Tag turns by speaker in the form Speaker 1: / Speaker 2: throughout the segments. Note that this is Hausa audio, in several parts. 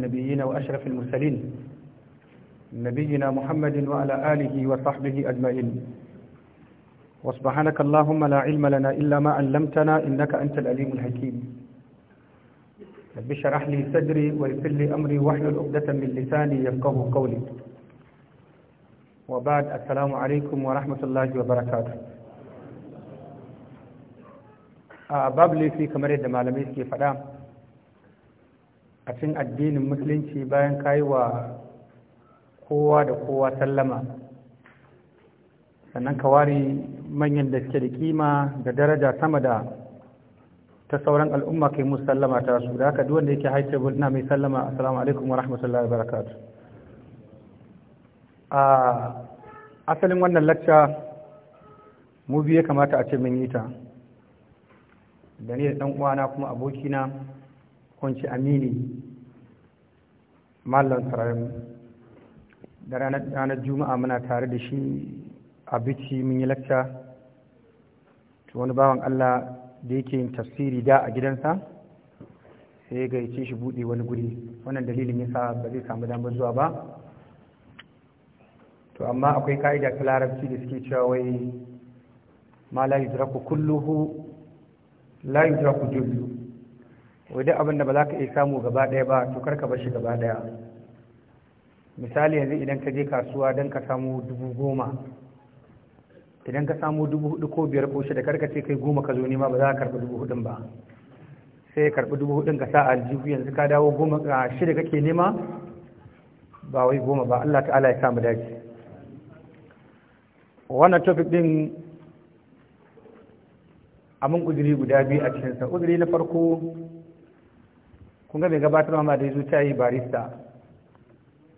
Speaker 1: النبيين وأشرف المرسلين نبينا محمد وعلى آله وصحبه أجمعين وسبحانك اللهم لا علم لنا إلا ما علمتنا إنك أنت الأليم الحكيم بشرح اشرح لي صدري ويسر لي أمري واحلل عقدة من لساني يفقه قولي وبعد السلام عليكم ورحمة الله وبركاته a babu laifi معلمي في فلام a cikin addinin musulunci bayan kayi wa kowa da kowa sallama sannan ka ware manyan da suke da kima da daraja sama da ta sauran al'umma kai musu sallama ta su da haka duwanda yake haice table na mai sallama assalamu alaikum wa rahmatullahi wa barakatu a asalin wannan lacca mu biye kamata a ce mun yi ta da ni da ɗan uwana kuma abokina kunci amini mallan sararin da ranar juma'a muna tare da shi a bici mun yi lacca to wani bawan allah da yake yin tafsiri da a gidansa sai ya gaice shi buɗe wani guri wannan dalilin yasa ba zai samu damar zuwa ba to amma akwai ka'ida ta larabci da suke cewa wai ma la ku kulluhu la ku jullu wadda abin da ba za ka iya samu gaba ɗaya ba to ka bar shi gaba ɗaya misali yanzu idan ka je kasuwa don ka samu dubu goma idan ka samu dubu hudu ko biyar ko shida karka ce kai goma ka zo nema ba za ka karɓi dubu hudun ba sai ya karɓi dubu hudun ka sa a aljihu yanzu ka dawo goma a shida kake nema ba wai goma ba Allah ta'ala ya samu dace wannan topic din amin uzuri guda biyu a cikinsa uzuri na farko kun ga bai gabatar ma da ya zuciya yi barista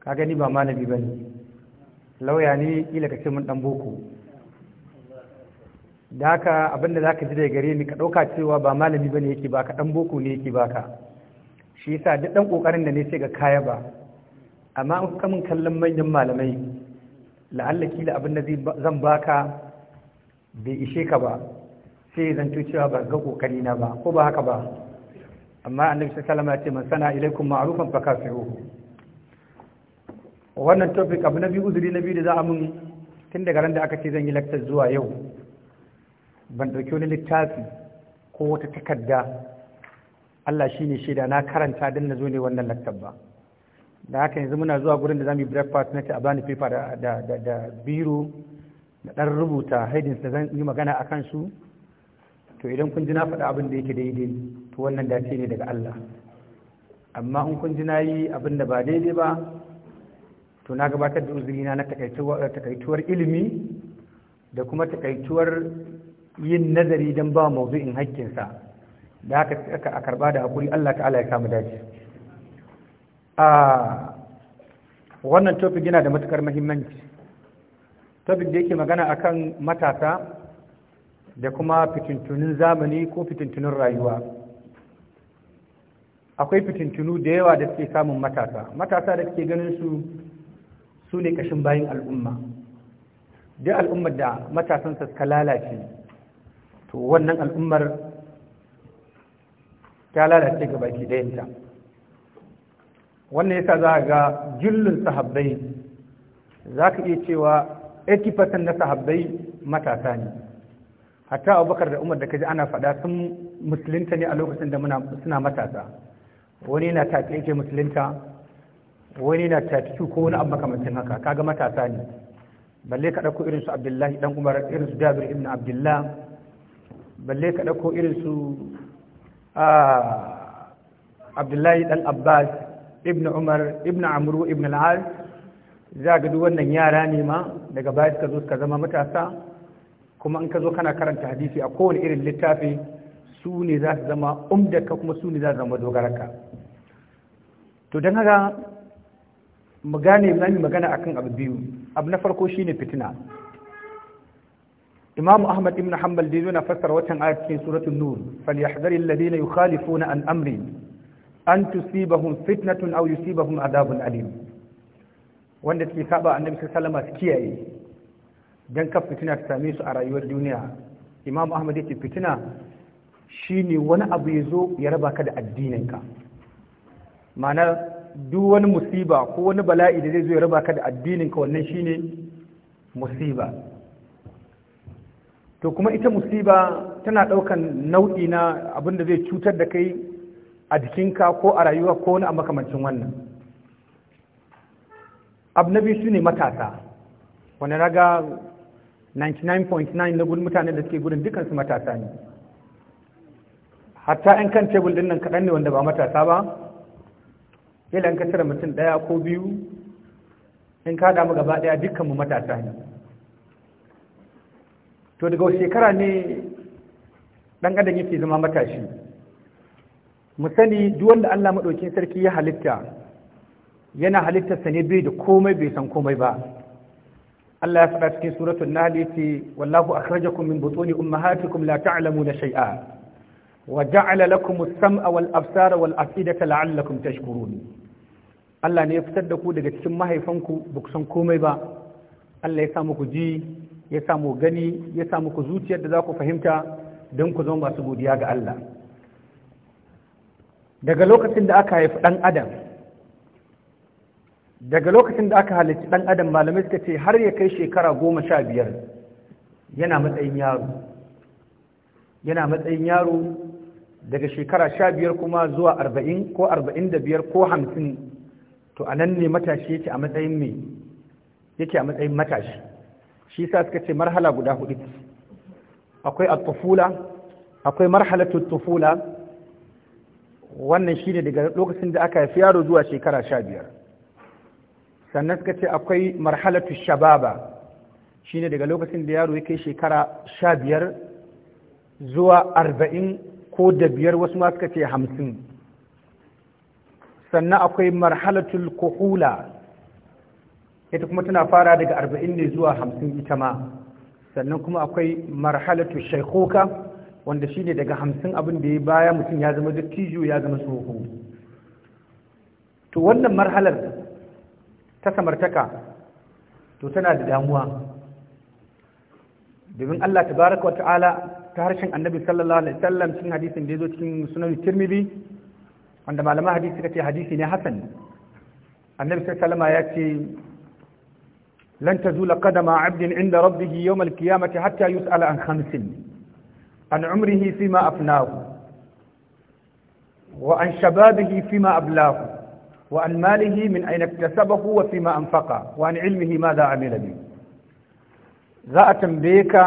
Speaker 1: ka gani ba malami ba lauya ne kila ka ce mun dan boko da haka abinda za ka ji daga gare ni ka ɗauka cewa ba malami ba ne yake baka ɗan boko ne yake baka shi yasa duk ɗan kokarin da ne sai ga kaya ba amma in ka min kallon manyan malamai la'alla kila abin da zan baka bai ishe ka ba sai zan cewa ba ga kokari na ba ko ba haka ba amma annabi sallallahu alaihi ya ce man sana ilaikum ma'rufan fakafiruhu wannan topic abu na biyu uzuri na biyu da za a mun tun daga ran da aka ce zan yi lakta zuwa yau ban ɗauki wani littafi ko wata takarda Allah shi ne shaida na karanta don na zo ne wannan laktar ba da haka yanzu muna zuwa gurin da za mu yi breakfast na ce a bani paper da biro da dan rubuta haidins da zan yi magana kan su to idan kun ji na faɗa abin da yake daidai to wannan dace ne daga Allah amma in kun ji na yi abin da ba daidai ba to na gabatar da uzurina na takaituwar ilimi da kuma takaituwar yin nazari don ba in haƙƙinsa da haka a karɓa da hakuri Allah ta'ala ya samu dace a wannan topic yana da matukar muhimmanci. topic da yake magana akan matasa da kuma fitintunin zamani ko fitintunin rayuwa akwai fitintunu da yawa da suke samun matasa matasa da suke ganin su su ne kashin bayan al'umma duk al'ummar da matasansa suka lalace to wannan al'ummar ta lalace ga baki ɗayanta wannan yasa za a ga jullun sahabbai za ka iya cewa 80% na sahabbai matasa ne hatta abubakar da umar da kaji ana faɗa sun musulunta ne a lokacin da suna matasa wani na tafi yake musulunta wani na tafi ko wani abu makamancin haka kaga matasa ne balle ka ɗauko irinsu abdullahi ɗan umar irinsu jabir ibn abdullah balle ka ɗauko irinsu abdullahi ɗan abbas ibn umar ibn amru ibn al'ad za ga duk wannan yara ne ma daga baya suka zo suka zama matasa kuma in ka zo kana karanta hadisi a kowane irin littafi su ne za su zama umdaka kuma su ne za su zama dogararka to don haka mu gane zami magana akan abu biyu abu na farko shi ne fitina imamu ahmad ibn hanbal da yana fassara watan ayat cikin suratun nur falyahdhar alladhina na an amri an tusibahum fitnatun aw yusibahum adabun alim wanda ke saba annabi nan su kiyaye don ka fitina ta same su a rayuwar duniya imam ahmad ya ce fitina shine wani abu ya zo ya raba ka da addininka ma'ana duk wani musiba ko wani bala'i da zai zo ya raba ka da addininka wannan shine musiba to kuma ita musiba tana ɗaukan nau'i na abin da zai cutar da kai a jikinka ko a rayuwa ko wani a makamancin wannan abu na biyu su ne matasa wani raga 99.9 na gudun mutane da suke gudun dukansu matasa ne hatta 'yan kan tebul din nan kaɗan ne wanda ba matasa ba yadda an kasar mutum ɗaya ko biyu in ka damu gaba ɗaya dukkanmu matasa ne to daga shekara ne ɗan adam yake zama matashi mu sani duk wanda Allah maɗaukin sarki ya halitta yana halittarsa ne bai da komai bai san komai ba Allah ya faɗa cikin suratul Nahl yace wallahu akhrajakum min butuni ummahatikum la ta'lamuna shay'a wa ja'ala lakum as-sam'a wal absara wal af'idata la'allakum tashkurun Allah ne ya fitar da ku daga cikin mahaifanku ba ku san komai ba Allah ya sa muku ji ya sa muku gani ya sa muku zuciyar da za ku fahimta don ku zama masu godiya ga Allah daga lokacin da aka haifi ɗan adam daga lokacin da aka halitta ɗan adam malamai suka ce har ya kai shekara goma sha biyar yana matsayin yaro yana matsayin yaro daga shekara sha biyar kuma zuwa arba'in ko arba'in da biyar ko hamsin to a nan ne matashi yake a matsayin mai yake a matsayin matashi shi sa suka ce marhala guda hudu akwai at-tufula akwai marhalatu tufula wannan shine daga lokacin da aka haifi yaro zuwa shekara sha biyar sannan suka ce akwai marhalatu shababa shine daga lokacin da yaro ya kai shekara sha biyar zuwa arba'in ko da biyar wasu ma suka ce hamsin sannan akwai marhalatul kuhula ita kuma tana fara daga arba'in ne zuwa hamsin ita ma sannan kuma akwai marhalatu shaikoka wanda shine daga hamsin abin da ya baya mutum ya zama dattijo ya zama tsoho to wannan marhalar ta samartaka to tana da damuwa domin Allah ta baraka wa ta'ala ta harshen annabi sallallahu alaihi sallam cikin hadisin da yazo cikin sunan Tirmidhi wanda malaman hadisi suka ce hadisi ne hasan annabi sallallahu alaihi ya ce lan tazula qadama 'abdin 'inda rabbih yawm al-qiyamati hatta yus'ala an khamsin an umrihi fima afnahu wa an shababihi fima ablahu وعن ماله من أين اكتسبه وفيما أنفقه وعن علمه ماذا عمل به za a tambaye ka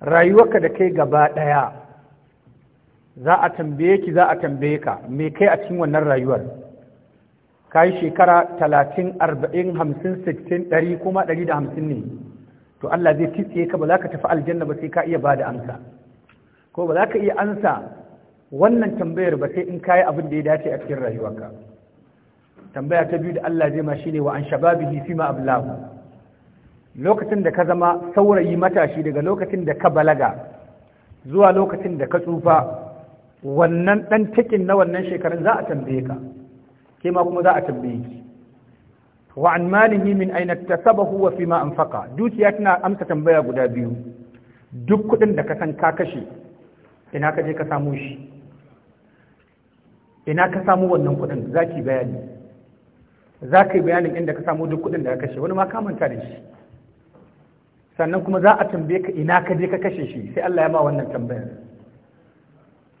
Speaker 1: rayuwarka da kai gaba za a tambaye ki za a tambaye ka me kai a cikin wannan rayuwar ka yi shekara talatin arba'in hamsin sittin ɗari kuma ɗari da hamsin ne to Allah zai kitse ka ba za ka tafi aljanna ba sai ka iya ba da amsa ko ba za ka iya ansa wannan tambayar ba sai in ka yi abin da ya dace a cikin rayuwarka tambaya ta biyu da Allah zai ma shine wa an shababihi fima ablahu lokacin da ka zama saurayi matashi daga lokacin da ka balaga zuwa lokacin da ka tsufa wannan dan takin na wannan shekarun za a tambaye ka ke ma kuma za a tambaye ki wa an malihi min aina tasabahu wa fima anfaqa dukiya tana amsa tambaya guda biyu duk kudin da ka san ka kashe ina ka je ka samu shi ina ka samu wannan kudin zaki bayani za ka yi bayanin inda ka samu duk kuɗin da ka kashe wani ma ka manta da shi sannan kuma za a tambaye ka ina ka je ka kashe shi sai Allah ya ma wannan tambayar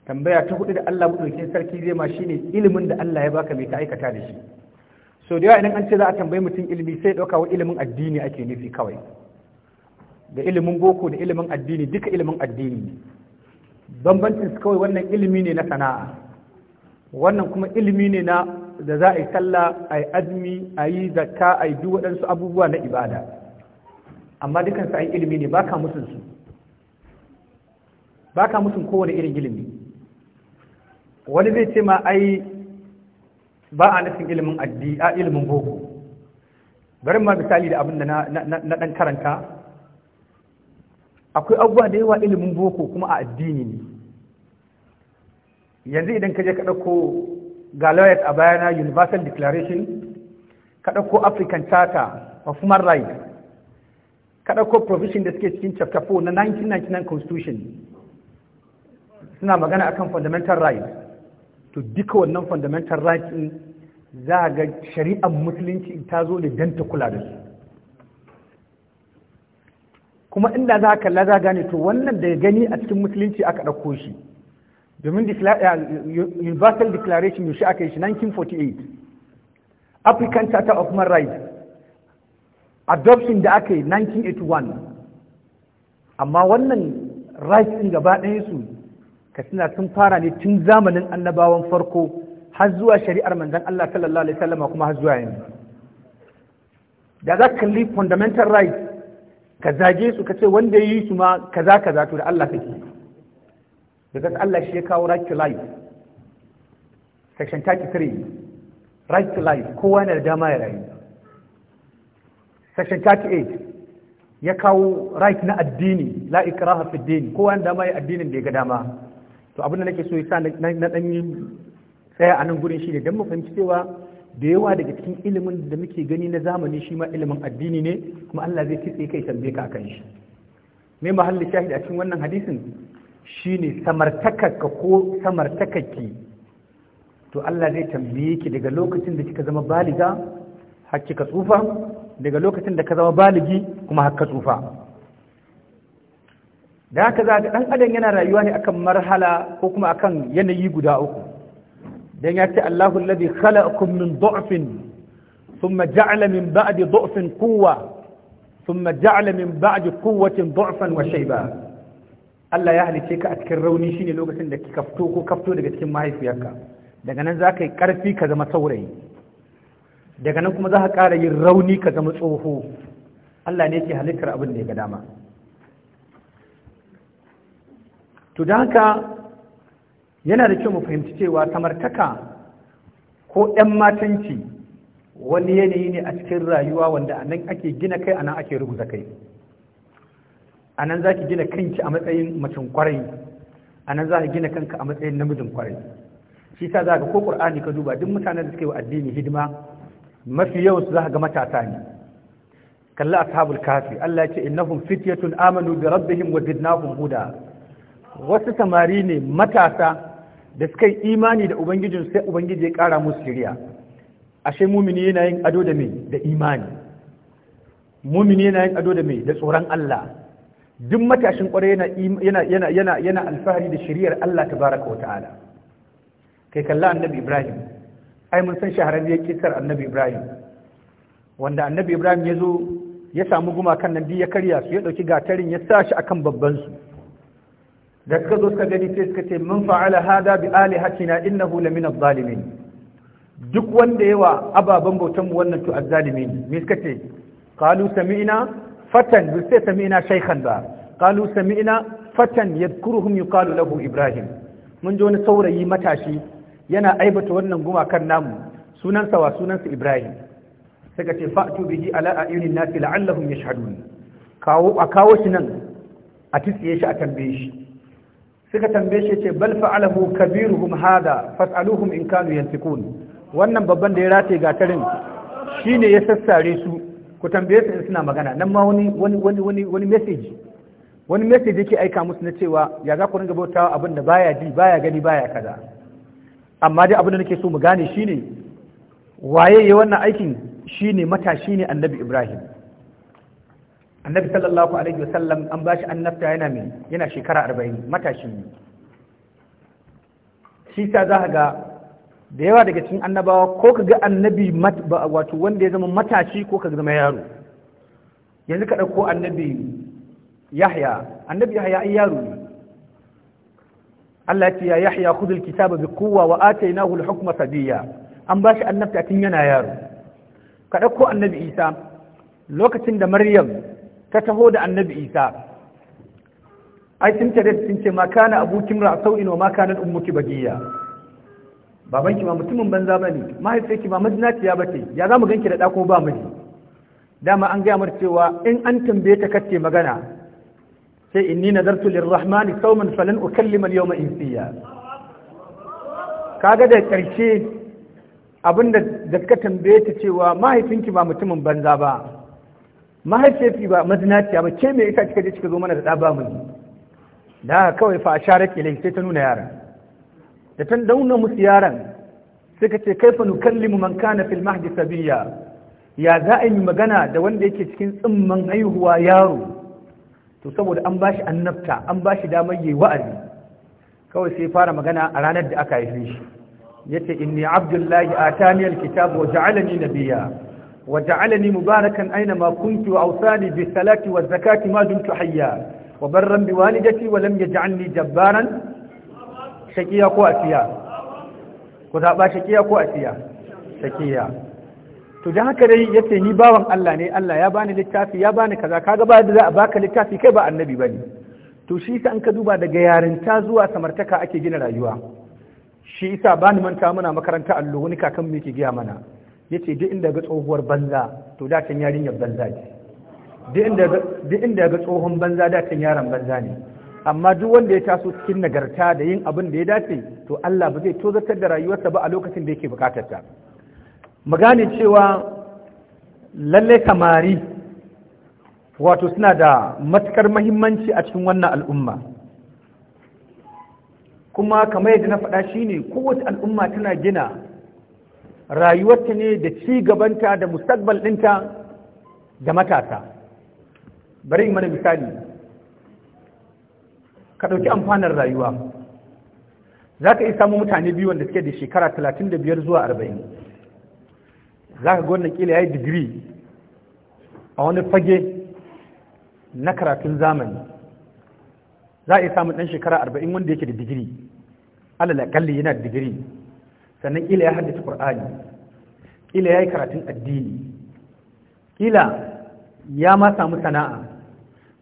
Speaker 1: tambaya ta hudu da Allah buɗaukin sarki zai ma shine ilimin da Allah ya baka mai ka aikata da shi so da yawa idan an ce za a tambayi mutum ilimi sai ɗauka wa ilimin addini ake nufi kawai da ilimin boko da ilimin addini duka ilimin addini bambancin su kawai wannan ilimi ne na sana'a wannan kuma ilimi ne na da za a yi sallah a yi azumi a yi zakka a yi duk waɗansu abubuwa na ibada amma dukansu an ilimi ne baka musun su baka musun kowane irin ilimi wani zai ce ma ai ba a nufin ilimin addini a ilimin boko bari ma misali da abin da na ɗan karanta akwai abubuwa da yawa ilimin boko kuma a addini ne yanzu idan ka je ka ɗauko ga lawyers a bayana universal declaration kaɗauko ko african charter of human rights kada ko provision da suke cikin chapter 4 na 1999 constitution suna magana akan fundamental rights to duka wannan fundamental rights in za a ga shari'ar musulunci ta zo ne don ta kula da su kuma inda za ka kalla za gane to wannan da ya gani a cikin musulunci aka ɗauko shi domin universal declaration yaushe aka yi shi 1948 african charter of human rights adoption da aka yi 1981 amma wannan rights ɗin gaba ɗaya su ka suna sun fara ne tun zamanin annabawan farko har zuwa shari'ar manzan Allah sallallahu alaihi wasallam kuma har zuwa yanzu da za ka kalli fundamental rights ka zage su ka ce wanda ya yi su ma kaza kaza to da Allah kake because Allah shi ya kawo right to life section 33 right to life kowa na da dama ya rayu section 38 ya kawo right na addini la ikraha fi din kowa na dama ya addinin da ya ga dama to abin da nake so yasa na dan yi tsaya a nan gurin shi ne dan mu fahimci cewa da yawa daga cikin ilimin da muke gani na zamani shi ma ilimin addini ne kuma Allah zai kitse kai tambaye ka akan shi me mahalli shahidi a cikin wannan hadisin shine samartakarka ko samartakarki to Allah zai tambaye ki daga lokacin da kika zama baliga har kika tsufa daga lokacin da ka zama baligi kuma har ka tsufa da haka za ga ɗan adam yana rayuwa ne akan marhala ko kuma akan yanayi guda uku dan ya ce Allahu alladhi khalaqakum min dha'fin thumma ja'ala min ba'di dha'fin quwwa thumma ja'ala min ba'di quwwatin dha'fan wa shayba Allah ya halice ka a cikin rauni shine lokacin da ki kafto ko kafto daga cikin mahaifiyarka daga nan za ka yi ƙarfi ka zama saurayi daga nan kuma za ka ƙara yin rauni ka zama tsoho Allah ne ke halittar abin da ya ga dama to da haka yana da kyau mu fahimci cewa samartaka ko ɗan matanci wani yanayi ne a cikin rayuwa wanda a nan ake gina kai a nan ake rubuta kai a nan za ki gina kanki a matsayin macin kwarai a nan za ki gina kanka a matsayin namijin kwarai shi sa za ka ko ƙur'ani ka duba duk mutanen da suke wa addini hidima mafi yawan su za ka ga matasa ne kalli ashabul kafi Allah ya ce innahum fityatun amanu bi rabbihim wa zidnahum huda wasu samari ne matasa da suka yi imani da ubangijin sai ubangiji ya kara musu shiriya ashe mumini yana yin ado da mai da imani mumini yana yin ado da mai da tsoron Allah duk matashin kwarai yana alfahari da shiriyar Allah ta baraka wa ta'ala kai kalla annabi Ibrahim ai mun san ya kisar annabi Ibrahim wanda annabi Ibrahim ya zo ya samu gumakan nan biyu ya karya su ya dauki gatarin ya sa shi akan babban su da suka zo suka gani sai suka ce mun fa'ala hada bi ali na innahu min adh-dhalimin duk wanda yawa ababen bautan mu wannan to azzalimi ne me suka ce qalu sami'na fatan bai sai sami'na shaykhan ba sami sami'na fatan yi kalu lahu ibrahim mun ji wani saurayi matashi yana aibata wannan gumakan namu sunansa wa sunansa ibrahim ka ce fa'atu bihi ala a'yunin nasi la'allahum yashhadun kawo a kawo shi nan a titsiye shi a tambaye shi suka tambaye shi ce bal fa'alahu kabiruhum hada fas'aluhum in kanu yantiqun wannan babban da ya rataye gatarin shine ya sassare su ku tambaye su in suna magana nan ma wani wani wani wani wani message wani message yake aika musu na cewa ya za ku ringa bautawa abin da baya ji baya gani baya kaza amma dai abin da nake so mu gane shine waye ya wannan aikin shine matashi ne annabi Ibrahim annabi sallallahu alaihi wasallam an bashi annabta yana mai yana shekara 40 matashi ne shi ta za ga da yawa daga cikin annabawa ko ka ga annabi wato wanda ya zama matashi ko ka zama yaro yanzu ka ɗauko annabi yahya annabi yahya ai yaro ne Allah ya yahya khudul kitaba bi quwwa wa atainahu al-hukma an ba shi annabta tun yana yaro ka ɗauko annabi isa lokacin da maryam ta taho da annabi isa ai sun tare sun ce ma abukin abuki mar'a sau'in wa ummuki bagiya baban ki ba mutumin banza bane mahaifiyar ki ba mazinaciya bace ya za mu ganki da dako ba miji dama an gaya mar cewa in an tambaye ta kace magana sai inni nazartu lirrahmani sauman falan ukallima al-yawma insiya kaga da karshe abinda da ka tambaye ta cewa mahaifinki ba mutumin banza ba mahaifiyarki ba mazinaciya ba ke me yasa kika je kika zo mana da da ba miji da kawai fa asharat ilai sai ta nuna yaran da tan dauna musu yaran suka ce kaifa nukallimu man kana fil mahdi sabiya ya za a yi magana da wanda yake cikin tsimman haihuwa yaro to saboda an bashi annabta an bashi damar yayi wa'azi kawai sai fara magana a ranar da aka haife shi yace inni abdullahi atani alkitab wa ja'alani nabiyya wa ja'alani mubarakan aina ma kuntu wa awsani bis salati waz zakati ma dumtu hayya wa barran bi walidati wa lam yaj'alni jabbaran shakiya ko asiya ku zaɓa shakiya ko asiya shakiya to don haka dai yace ni bawan Allah ne Allah ya bani littafi ya bani kaza kaga ba da za a baka littafi kai ba annabi ba ne. to shi yasa an ka duba daga yarinta zuwa samartaka ake gina rayuwa shi yasa bani manta muna makaranta allo wani kakan mu yake gaya mana yace duk inda ga tsohuwar banza to da can yarinyar banza ce duk inda ga tsohon banza da can yaron banza ne amma duk wanda ya taso cikin nagarta da yin abin da ya dace to Allah ba zai tozartar da rayuwarsa ba a lokacin da yake bukatar ta mu gane cewa lalle kamari wato suna da matukar mahimmanci a cikin wannan al'umma kuma kamar yadda na faɗa shine kowace al'umma tana gina rayuwarta ne da ci gabanta da mustaqbal ɗinta da matasa bari in mana misali ka ɗauki amfanar rayuwa za ka iya samu mutane biyu wanda suke da shekara talatin da biyar zuwa arba'in za ka wannan kila ya yi digiri a wani fage na karatun zamani za a iya samun ɗan shekara arba'in wanda yake da digiri Alala, ƙalli yana da digiri sannan kila ya haddace Kur'ani, kila ya yi karatun addini ƙila ya ma samu sana'a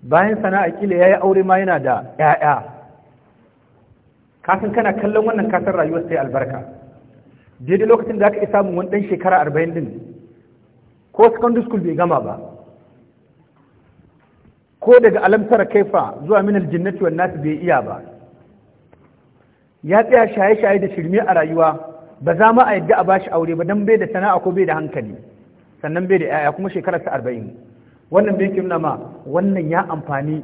Speaker 1: bayan a kila ya yi aure ma yana da 'ya'ya kasan kana kallon wannan kasar rayuwar sai albarka daidai lokacin da aka isa samun wani ɗan shekara arba'in din ko secondary school bai gama ba ko daga alamtar kaifa zuwa minal jinnati wannan nasu bai iya ba ya tsaya shaye-shaye da shirme a rayuwa ba za ma a yadda a bashi aure ba don bai da sana'a ko bai da hankali sannan bai da 'ya'ya kuma shekararsa arba'in wannan bai kimna ma wannan ya amfani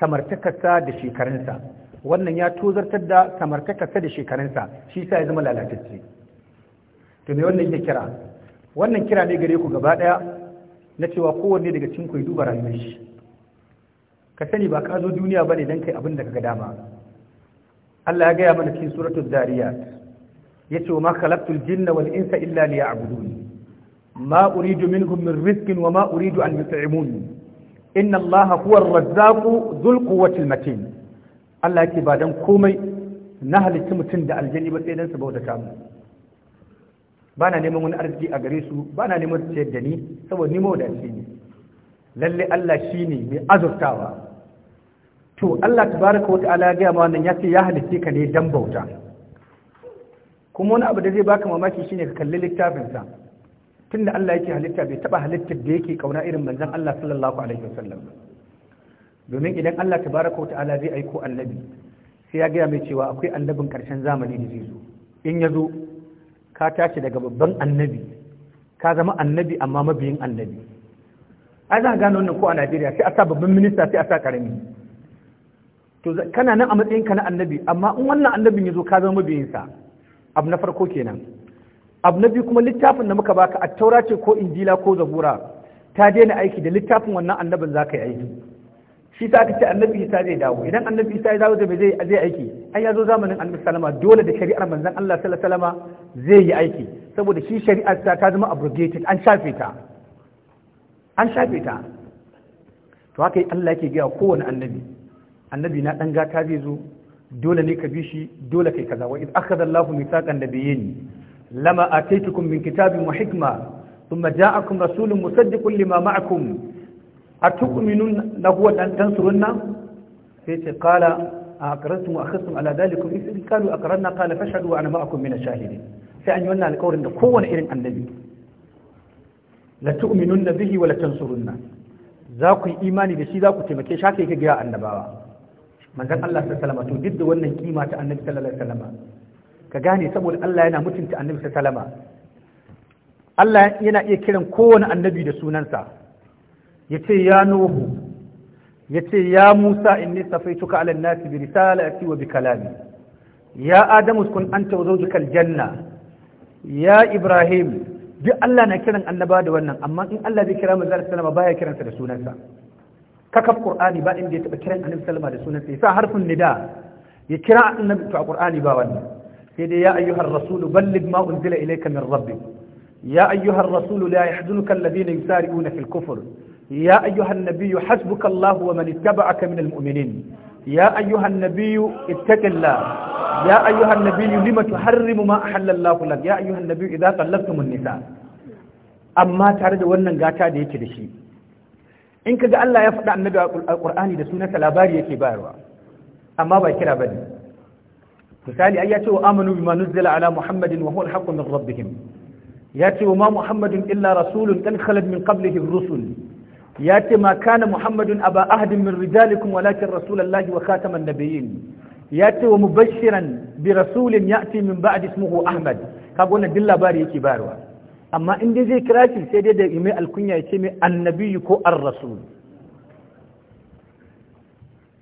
Speaker 1: samartakarsa da shekarunsa wannan ya tozartar da samartakarsa da shekarunsa shi sa ya zama lalatacce to me wannan ya kira wannan kira ne gare ku gaba daya na cewa kowanne daga cikin ku ya duba rayuwar shi ka sani ba ka zo duniya bane dan kai abin da kaga dama Allah ya gaya mana cikin suratul dariyat yace wa ma khalaqtul jinna wal insa illa liya'budun ma uridu minhum min rizqin wa ma uridu an yut'imun inna allaha huwa ar-razzaq dhul quwwati Allah yake ba dan komai na halitta mutum da aljanni ba sai dan saboda kamu ba na neman wani arziki a gare su ba na neman su ciyar ni saboda ni mawadaci ne lalle Allah shine mai azurtawa to Allah tabaraka wata'ala ya gaya ma wannan ya ce ya halitte ka ne dan bauta kuma wani abu da zai baka mamaki shine ka kalli littafinsa. tunda Allah yake halitta bai taba halittar da yake kauna irin manzon Allah sallallahu alaihi wasallam domin idan Allah tabaraka ta'ala zai aiko annabi sai ya gaya mai cewa akwai annabin karshen zamani da zai zo in ya zo ka tashi daga babban annabi ka zama annabi amma mabiyin annabi a za gano wannan ko a Najeriya sai a sa babban minista sai a sa karami to kana nan a matsayin ka na annabi amma in wannan annabin ya zo ka zama mabiyinsa abu na farko kenan abu na biyu kuma littafin da muka baka attaura ce ko injila ko zabura ta daina aiki da littafin wannan annabin za ka yi aiki shi ta ce annabi isa zai dawo idan annabi isa ya dawo da zai zai aiki an ya zo zamanin annabi salama dole da shari'ar manzon Allah sallallahu alaihi wasallam zai yi aiki saboda shi shari'ar ta ta zama abrogated an shafe ta an shafe ta to haka Allah yake gaya kowane annabi annabi na dan gata zai zo dole ne ka bi shi dole kai kaza wa iz akhadha Allahu mithaqan nabiyyin lama ataitukum min kitabin wa hikma thumma ja'akum rasulun musaddiqun lima ma'akum atukminun na huwa dan dan sunna sai ce qala akaratum wa akhastum ala dalikum in kanu akranna qala fashhadu wa ana ma'akum min ash-shahidin sai an yi wannan alƙawarin da kowane irin annabi la tu'minun bihi wa la tansurunna za ku yi imani da shi za ku taimake shi haka yake gaya annabawa manzon Allah sallallahu to duk da wannan kimata ta annabi sallallahu alaihi ka gane saboda Allah yana mutunta annabi salama, Allah yana iya kiran kowane annabi da sunansa ya ce ya nuhu ya ce ya musa inni safaituka ala nasi bi risalati wa bi kalami ya adamu kun an wa zawjukal janna ya ibrahim duk Allah na kiran annaba da wannan amma in Allah zai kira manzo sallama baya kiransa da sunansa kakaf qur'ani ba inda ya taba kiran annabi salama da sunansa yasa harfin nida ya kira annabi to a qur'ani ba wannan sai dai ya ayyuhar rasulu ballig ma unzila ilayka min rabbi ya ayyuhar rasulu la yahzunka alladhina yusari'una fil kufr ya ayyuhan nabiyyu hasbuka Allah wa man ittaba'aka min almu'minin ya ayyuhan nabiyyu ittaqillah يا أيها النبي لم ma ما أحل الله ya ayyuhan أيها النبي إذا طلقتم النساء amma tare da wannan gata da yake da shi in kaga Allah ya faɗa annabi a Qur'ani da sunansa labari yake bayarwa amma ba kira bane misali ai ya ce wa amanu bima nuzila ala muhammadin wa huwa alhaqqu min rabbihim ya ce wa ma muhammadun illa rasulun qad khalat min qablihi rusul ya ce ma kana muhammadun aba ahadin min rijalikum walakin rasulallahi wa khataman nabiyyin ya ce wa mubashiran bi rasulin ya'ti min ba'di ismuhu ahmad kaga wannan din labari yake bayarwa amma in dai zai kira shi sai dai da mai alkunya ya ce mai annabi ko ar-rasul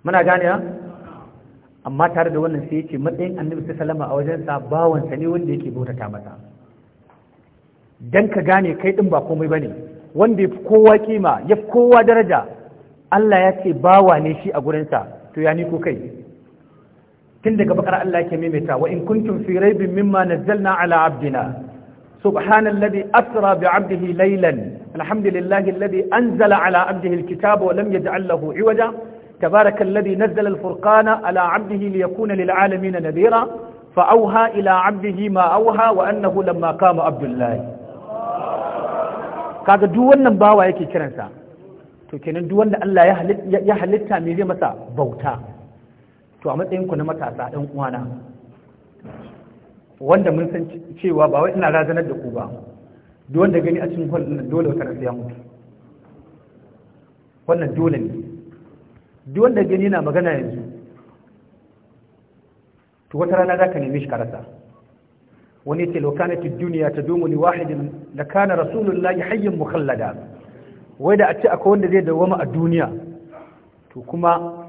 Speaker 1: muna gane ha amma tare da wannan sai ya ce matsayin annabi sai salama a wajensa bawansa ne wanda yake bautata masa dan ka gane kai din ba komai ba ne wanda ya fi kowa kima ya fi kowa daraja Allah ya ce bawa ne shi a gurinsa to ya ko kai tun daga bakar Allah yake maimaita wa in kuntum fi raibin mimma nazzalna ala abdina subhanalladhi asra bi abdihi laylan alhamdulillahi alladhi anzala ala abdihi alkitaba wa lam yaj'al lahu iwaja تبارك الذي نزل الفرقان على عبده ليكون للعالمين نذيرا فأوهى إلى عبده ما أوهى وأنه لما قام عبد الله kaga duk wannan bawa yake kiransa to kenan duk wanda Allah ya halitta me zai masa bauta to a matsayin ku na matasa ɗan uwana wanda mun san cewa ba wai ina razanar da ku ba duk wanda gani a cikin kwallon dole wata rasu ya mutu wannan dole ne duk wanda gani yana magana yanzu to wata rana za ka neme shi karasa wani ce lokanatin duniya ta domu li wahidin da kana rasulullahi hayyin mukhallada wai da a ce akwai wanda zai dawama a duniya to kuma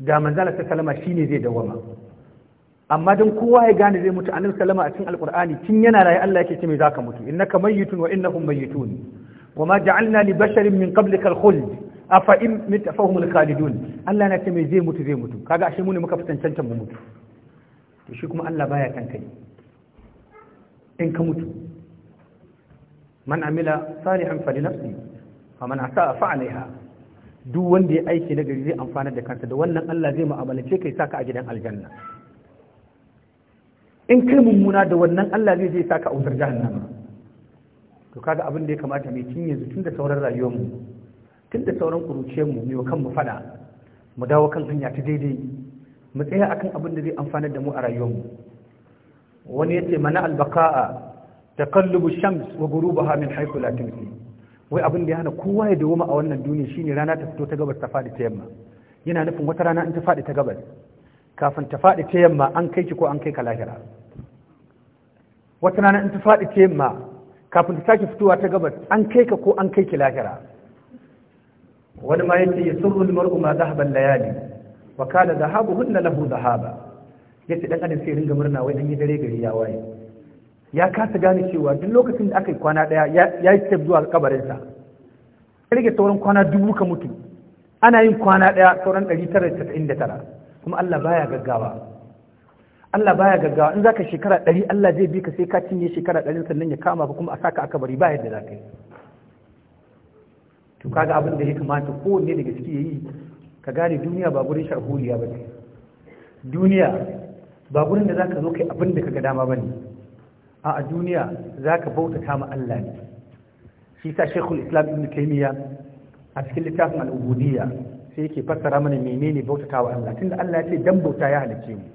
Speaker 1: da manzala ta salama shine zai dawama amma don kowa ya gane zai mutu annabi salama a cikin alqur'ani tun yana rayi Allah yake ce mai zaka mutu innaka mayyitun wa innahum mayyitun wama ja'alna li basharin min qablikal khuld afa in mita fahumul khalidun Allah na ce mai zai mutu zai mutu kaga ashe mu ne muka fitan cancan mu mutu to shi kuma Allah baya kai in ka mutu man amila salihan fali nafsi wa man asaa fa alaiha duk wanda ya aiki na gari zai amfana da kansa da wannan Allah zai mu'amalance kai saka a gidan aljanna in kai mummuna da wannan Allah zai zai saka a wutar jahannama to kaga abin da ya kamata mai cinye zutun tun da sauran rayuwar mu tun da sauran kuruciyar mu yau kan mu fada mu dawo kan hanya ta daidai mu tsaya akan abin da zai amfanar da mu a rayuwar mu wani ce mana albaqa'a taqallubu shams wa ghurubaha min haythu la tamsi wai abin da ya hana kowa ya dawo a wannan duniya shine rana ta fito ta gabas ta fadi ta yamma yana nufin wata rana in ta fadi ta gabas kafin ta fadi ta yamma an kai ki ko an kai ka lahira wata rana in ta fadi ta yamma kafin ta sake fitowa ta gabas an kai ka ko an kai ki lahira wani ma yace yasurrul mar'u ma dhahaba layali wa kana dhahabuhunna lahu dhahaba yace dan adam sai ringa murna wai an yi dare gari ya waye ya kasa gane cewa duk lokacin da aka yi kwana daya ya yi tafi zuwa kabarinsa rage sauran kwana dubu ka mutu ana yin kwana daya sauran 999 kuma Allah baya gaggawa Allah baya gaggawa in zaka shekara 100 Allah zai bi ka sai ka cinye shekara 100 sannan ya kama ka kuma a saka akabari ba yadda zaka yi to kaga abin da ya kamata kowanne daga ciki yayi ka gane duniya ba gurin sharhuliya ba duniya ba gurin da za ka zo kai abin da ka ga dama ba ne a duniya zaka ka bautata ma Allah ne shi sa shekul islam ibn taimiyya a cikin littafin al'ubudiyya sai yake fassara mana menene bautata wa Allah tunda Allah ya ce dan bauta ya halicce mu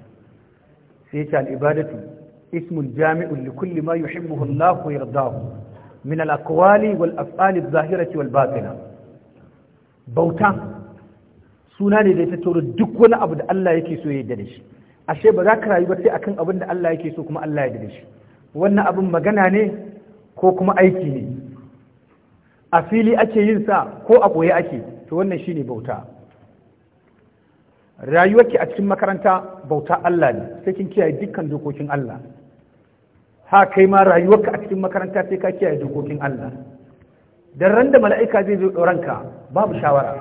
Speaker 1: sai ya ce al'ibadatu ismun jami'un li ma yuhibbuhu Allah wa yardahu min al-aqwali wal af'ali adh-dhahirati bauta suna ne da ita tattaro duk wani abu da Allah yake so ya da shi ashe ba za ka rayu ba sai akan abin da Allah yake so kuma Allah ya yarda da shi wannan abin magana ne ko kuma aiki ne a fili ake yin sa ko a koye ake to wannan shine bauta rayuwarki a cikin makaranta bauta Allah ne sai kin kiyaye dukkan dokokin Allah ha kai ma rayuwarka a cikin makaranta sai ka kiyaye dokokin Allah dan ran mala'ika zai zo ɗoranka babu shawara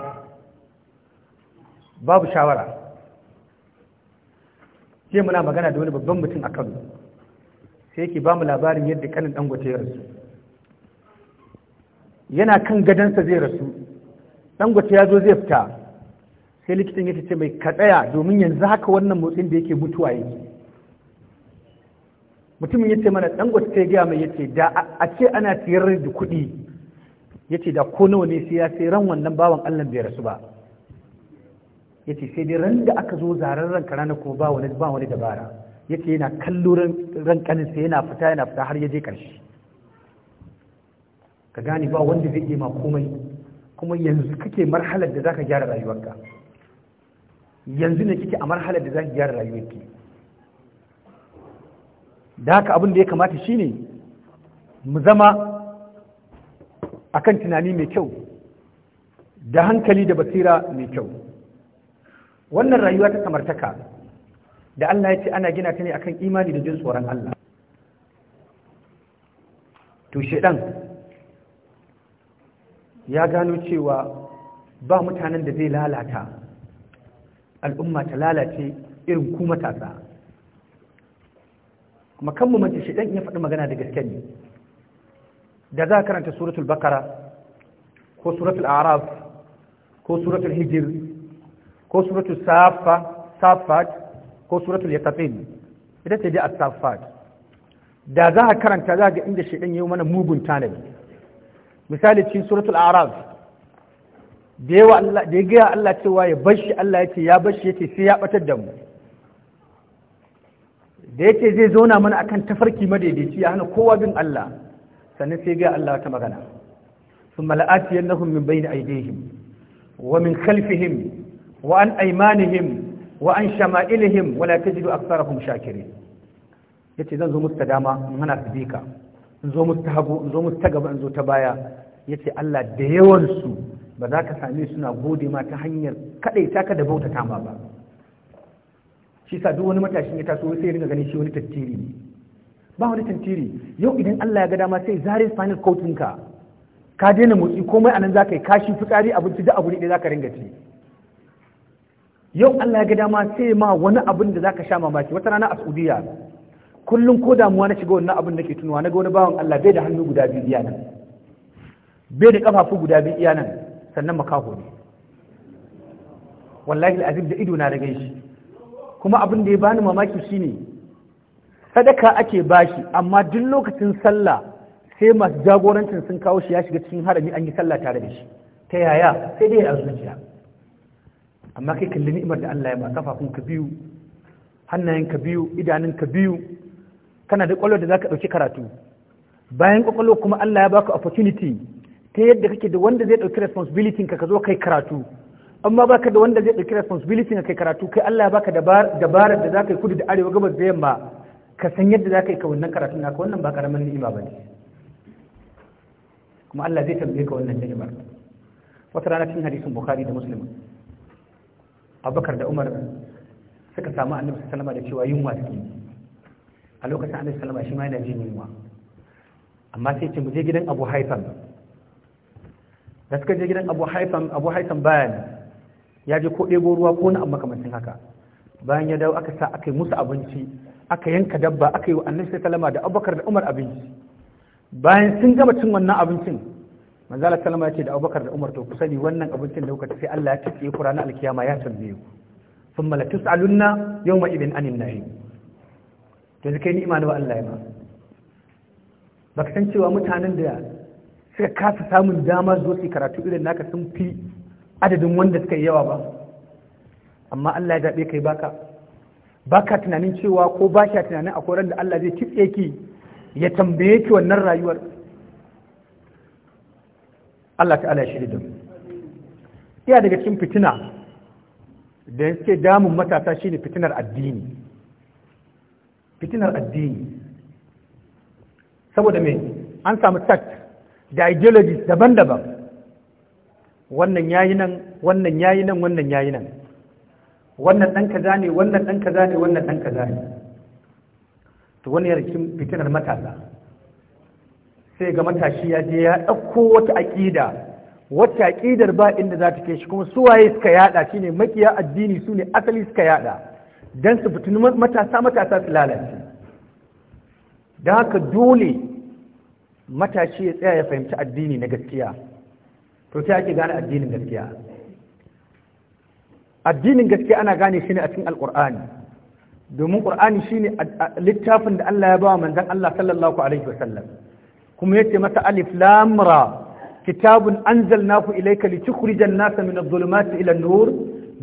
Speaker 1: babu shawara sai muna magana da wani babban mutum a Kano sai yake ba mu labarin yadda kanin dangote ya rasu yana kan sa zai rasu ɗangote ya zo zai fita sai likitan ya ce mai ka tsaya domin yanzu haka wannan motsin da yake mutuwa yake mutumin ya ce mana dangote ta gaya mai ya ce da a ce ana siyar da kuɗi ya ce da ko nawa ne sai ya sai ran wannan bawan allah bai rasu ba ya ce sai dai ran da aka zo zaren ran ranar kuma ba wani ba wani dabara ya ce yana kallo ran sai yana fita yana fita har ya je ƙarshe ka gane ba wanda zai iya ma komai kuma yanzu kake marhalar da zaka gyara rayuwarka yanzu ne kike a marhalar da zaki gyara rayuwarki da haka abin da ya kamata shi ne mu zama akan tunani mai kyau da hankali da basira mai kyau wannan rayuwa ta samartaka da Allah ya ce ana gina ta ne akan imani da jin tsoron Allah to shedan ya gano cewa ba mutanen da zai lalata al'umma ta lalace irin ku matasa kuma kan mu mace shi dan ya faɗi magana da gaske ne da za karanta suratul bakara ko suratul araf ko suratul hijir ko suratul safa safat ko suratul yatafin ita ce da a safat da za ka karanta za ga inda shedan yayi mana mugun tanadi misali cikin suratul araf da ya ga Allah cewa ya bashi Allah yake ya bashi yake sai ya batar da mu da yake zai zauna mana akan tafarki madaidaici ya hana kowa bin Allah sannan sai ga Allah ta magana sun mala'ati Yannahun min bayni aidehim wa min khalfihim wa an aimanihim wa an shama'ilihim wa la tajidu aktharahum shakirin yace zan zo musu ta dama in hana su bika in zo musu hagu in zo musu ta gaba in zo ta baya yace Allah da yawan su ba za ka same suna gode ma ta hanyar ta ka da bautata ma ba shi sa duk wani matashin ya taso sai ya ringa ganin shi wani tantiri ne ba wani tantiri yau idan Allah ya ga dama sai zare spinal cord ɗinka ka daina motsi komai anan zaka yi kashi fitsari abinci da abu ne zaka ringa ci yau Allah ya ga dama sai ma wani abin da zaka sha mamaki wata rana a Saudiya kullum ko damuwa na shiga wannan abin da ke tunawa na ga wani bawan Allah bai da hannu guda biyu iya nan bai da kafafu guda biyu iya nan sannan makaho ne wallahi al'azim da ido na rage shi kuma abin da ya bani mamaki shine sadaka ake bashi amma duk lokacin sallah sai masu jagorancin sun kawo shi ya shiga cikin harami an yi sallah tare da shi ta yaya sai dai a zuciya amma kai kalli ni'imar da Allah ya ma kafafun ka biyu hannayen ka biyu idanun ka biyu kana da kwallo da zaka ɗauki karatu bayan kwakwalwa kuma Allah ya baka opportunity ta yadda kake da wanda zai ɗauki responsibility ka ka zo kai karatu amma baka da wanda zai ɗauki responsibility na kai karatu kai Allah ya baka dabarar da zaka yi kudu da arewa gabas da yamma ka san yadda zaka yi ka wannan karatu naka wannan ba karamin ni'ima bane kuma Allah zai tambaye ka wannan ni'imar wata rana cikin hadisin Bukhari da Muslim Abubakar da Umar suka samu Annabi sallallahu alaihi da cewa yunwa take a lokacin Annabi sallallahu shi ma yana jin yunwa amma sai ce mu je gidan Abu haifan da suka je gidan Abu haifan Abu Haitham bayan ya je ko ɗebo ruwa ko amma kamar makamancin haka bayan ya dawo aka sa aka yi musu abinci aka yanka dabba aka yi wa annabi sallama da abubakar da umar abinci bayan sun gama cin wannan abincin manzala sallama ya ce da abubakar da umar to ku sani wannan abincin da kuka ci sai Allah ya tafi ku ranar alkiyama ya tambaye ku thumma la tus'alunna yawma idin anin na'im to kai ni imani wa Allah ya ba baka san cewa mutanen da suka kasa samun dama zuwa karatu irin naka sun fi adadin wanda suka yi yawa ba amma Allah ya zaɓe kai baka baka tunanin cewa ko ba shi tunanin akwai ran da Allah zai kitse ki ya tambaye ki wannan rayuwar Allah ta'ala ya shirya iya daga cikin fitina da ya ce damun matasa shine fitinar addini fitinar addini saboda me an samu tak da ideologies daban-daban wannan yayi nan wannan yayi nan wannan yayi nan wannan dan kaza ne wannan dan kaza ne wannan dan kaza ne to wani yarkin fitinar matasa sai ga matashi ya je ya ɗauko wata aƙida wata aƙidar ba inda za ta kai shi kuma waye suka yada shine makiya addini su ne asali suka yada Dan su fitini matasa matasa su lalace dan haka dole matashi ya tsaya ya fahimci addini na gaskiya to sai ake gane addinin gaskiya addinin gaskiya ana gane shi ne a cikin alkur'ani domin qur'ani shine littafin da Allah ya ba manzon Allah sallallahu alaihi wasallam kuma yace mata alif lam ra kitabun anzalnahu ilayka litukhrijan nasa min adh-dhulumati ila an-nur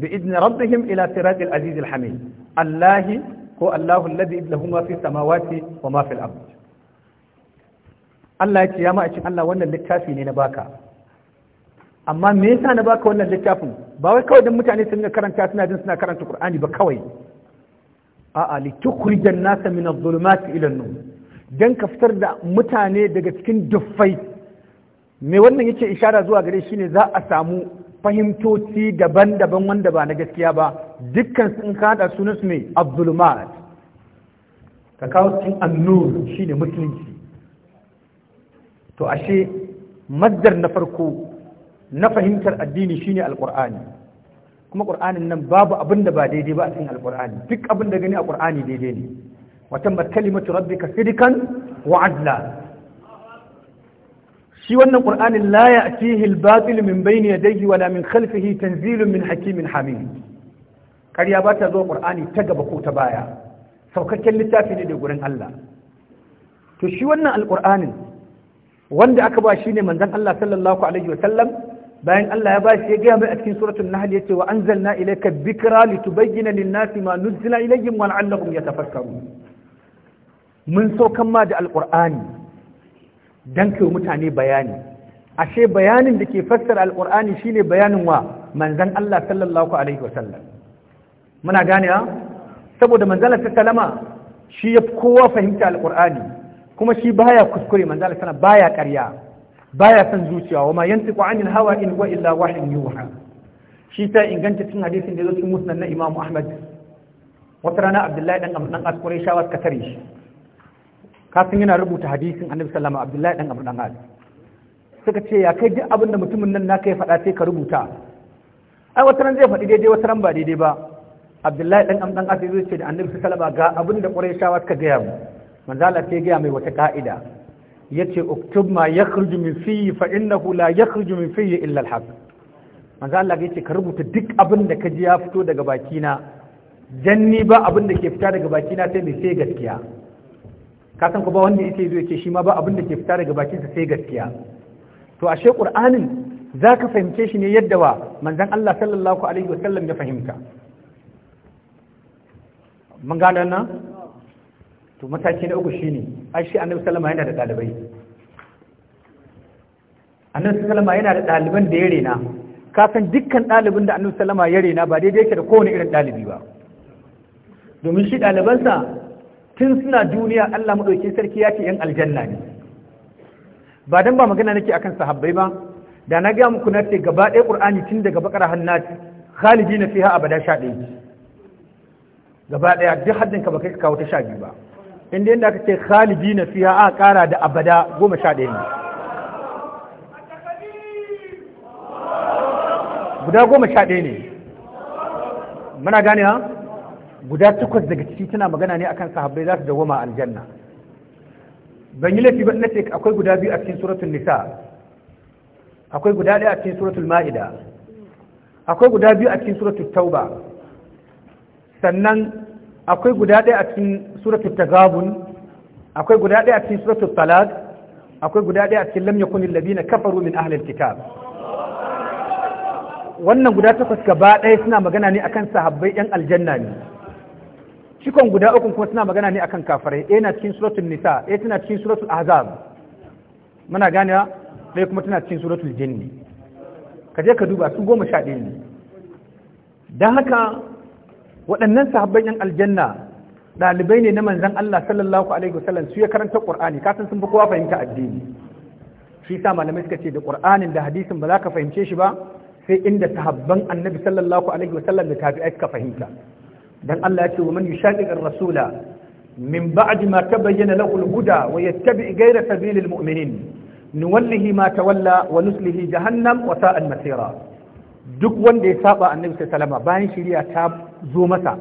Speaker 1: باذن ربهم الى صراط العزيز الحميد الله هو الله الذي له ما في السماوات وما في الارض Allah ya ce ya ma'aikin Allah wannan littafi ne na baka amma me yasa na baka wannan littafin ba wai kawai don mutane sun ga karanta suna jin suna karanta Qur'ani ba kawai a'a li tukhrijan nasa min adh dhulumat ila an-nur dan ka fitar da mutane daga cikin duffai me wannan yake ishara zuwa gare shi ne za a samu fahimtoci daban-daban wanda ba na gaskiya ba dukkan sun kada sunan mai adh-dhulumat ka kawo cikin an-nur shine musulunci to ashe maddar na farko na fahimtar addini shine alqur'ani kuma qur'anin nan babu abin da ba daidai ba a cikin alqur'ani duk abin da gani a qur'ani daidai ne wa tammat kalimatu rabbika sidqan wa adla shi wannan qur'anin la ya'tihi al-batil min bayni yadayhi wala min khalfihi tanzilun min hakimin hamid karya ba ta zo qur'ani ta gaba ko ta baya saukakken littafi ne da gurin Allah to shi wannan alqur'anin wanda aka ba shi ne manzon Allah sallallahu alaihi wa sallam bayan Allah ya bashi ya gaya mai a cikin suratul nahl yace wa anzalna ilayka dhikra litubayyana lin-nasi ma nuzila ilayhim wa la'allahum yatafakkarun mun saukan ma da alqur'ani dan kai mutane bayani ashe bayanin da ke fassara alqur'ani shine bayanin wa manzon Allah sallallahu alaihi sallam muna gane saboda manzon ta shi ya kowa fahimta alqur'ani kuma shi baya kuskure manzon Allah baya karya. baya son zuciya wa ma yantiqu anil hawa in wa illa wahyun yuha shi ta inganta cikin hadisin da yake musnad na Imam Ahmad wata rana Abdullahi dan Amr dan Askure shawar ka tare shi kafin yana rubuta hadisin Annabi sallallahu alaihi Abdullahi dan Amr dan Askure suka ce ya kai duk abin da mutumin nan naka ya faɗa sai ka rubuta ai wata ran zai faɗi daidai wata ran ba daidai ba Abdullahi dan Amr dan zai ce da Annabi sallallahu alaihi ga abin da Qurayshawa suka gaya mu manzala Allah sai gaya mai wata ka'ida yace uktub ma yakhruju min fihi fa innahu la yakhruju min fihi illa alhaq manzo Allah yace ka rubuta duk abin da ka ji ya fito daga bakina janni ba abin da ke fita daga bakina sai mai sai gaskiya ka san ko ba wanda yake zo yace shi ma ba abin da ke fita daga bakinsa sai gaskiya to ashe qur'anin zaka fahimce shi ne yadda wa manzon Allah sallallahu alaihi wasallam ya fahimta mun gane nan to mataki na uku shine ai shi annabi sallama yana da dalibai annabi sallama yana da daliban da ya rena ka san dukkan dalibin da annabi sallama ya rena ba daidai yake da kowane irin dalibi ba domin shi dalibansa tun suna duniya Allah madauki sarki ya ce yan aljanna ne ba dan ba magana nake akan sahabbai ba da na ga muku na ce gaba ɗaya qur'ani tun daga bakara hannati khalidina fiha abada sha ɗaya gaba ɗaya duk haddin ka baka kawo ta sha biyu ba inda yadda aka ce khalidi na fiya a kara da abada goma sha ɗaya ne
Speaker 2: guda goma sha ɗaya
Speaker 1: ne muna gane ha guda takwas daga ciki tana magana ne akan sahabbai za su da goma aljanna ban yi laifi ba na ce akwai guda biyu a cikin suratul nisa akwai guda ɗaya a cikin suratul ma'ida akwai guda biyu a cikin suratul tauba sannan akwai guda ɗaya a cikin suratul tagabun akwai guda ɗaya a cikin suratul talad akwai guda ɗaya a cikin lam yakun alladhina kafaru min ahli kitab wannan guda takwas gaba ɗaya suna magana ne akan sahabbai yan aljanna ne cikon guda uku kuma suna magana ne akan kafarai ɗaya na cikin suratul nisa ɗaya tana cikin suratul ahzab muna ganewa ɗaya kuma tana cikin suratul jinni ka je ka duba su goma sha ɗaya ne don haka waɗannan sahabban yan aljanna ɗalibai ne na manzan Allah sallallahu alaihi wasallam su ya karanta Qur'ani kasan sun fi kowa fahimta addini shi sa malamai suka ce da Qur'anin da hadisin ba za ka fahimce shi ba sai inda sahabban annabi sallallahu alaihi wasallam da tabi'ai suka fahimta dan Allah ya ce wa man yushaqiq ar-rasula min ba'a ma tabayyana lahu al-huda wa yattabi' ghayra sabilil mu'minin nuwallihi ma tawalla wa nuslihi jahannam wa sa'at masira duk wanda ya saba annabi salama bayan shirya ta zo masa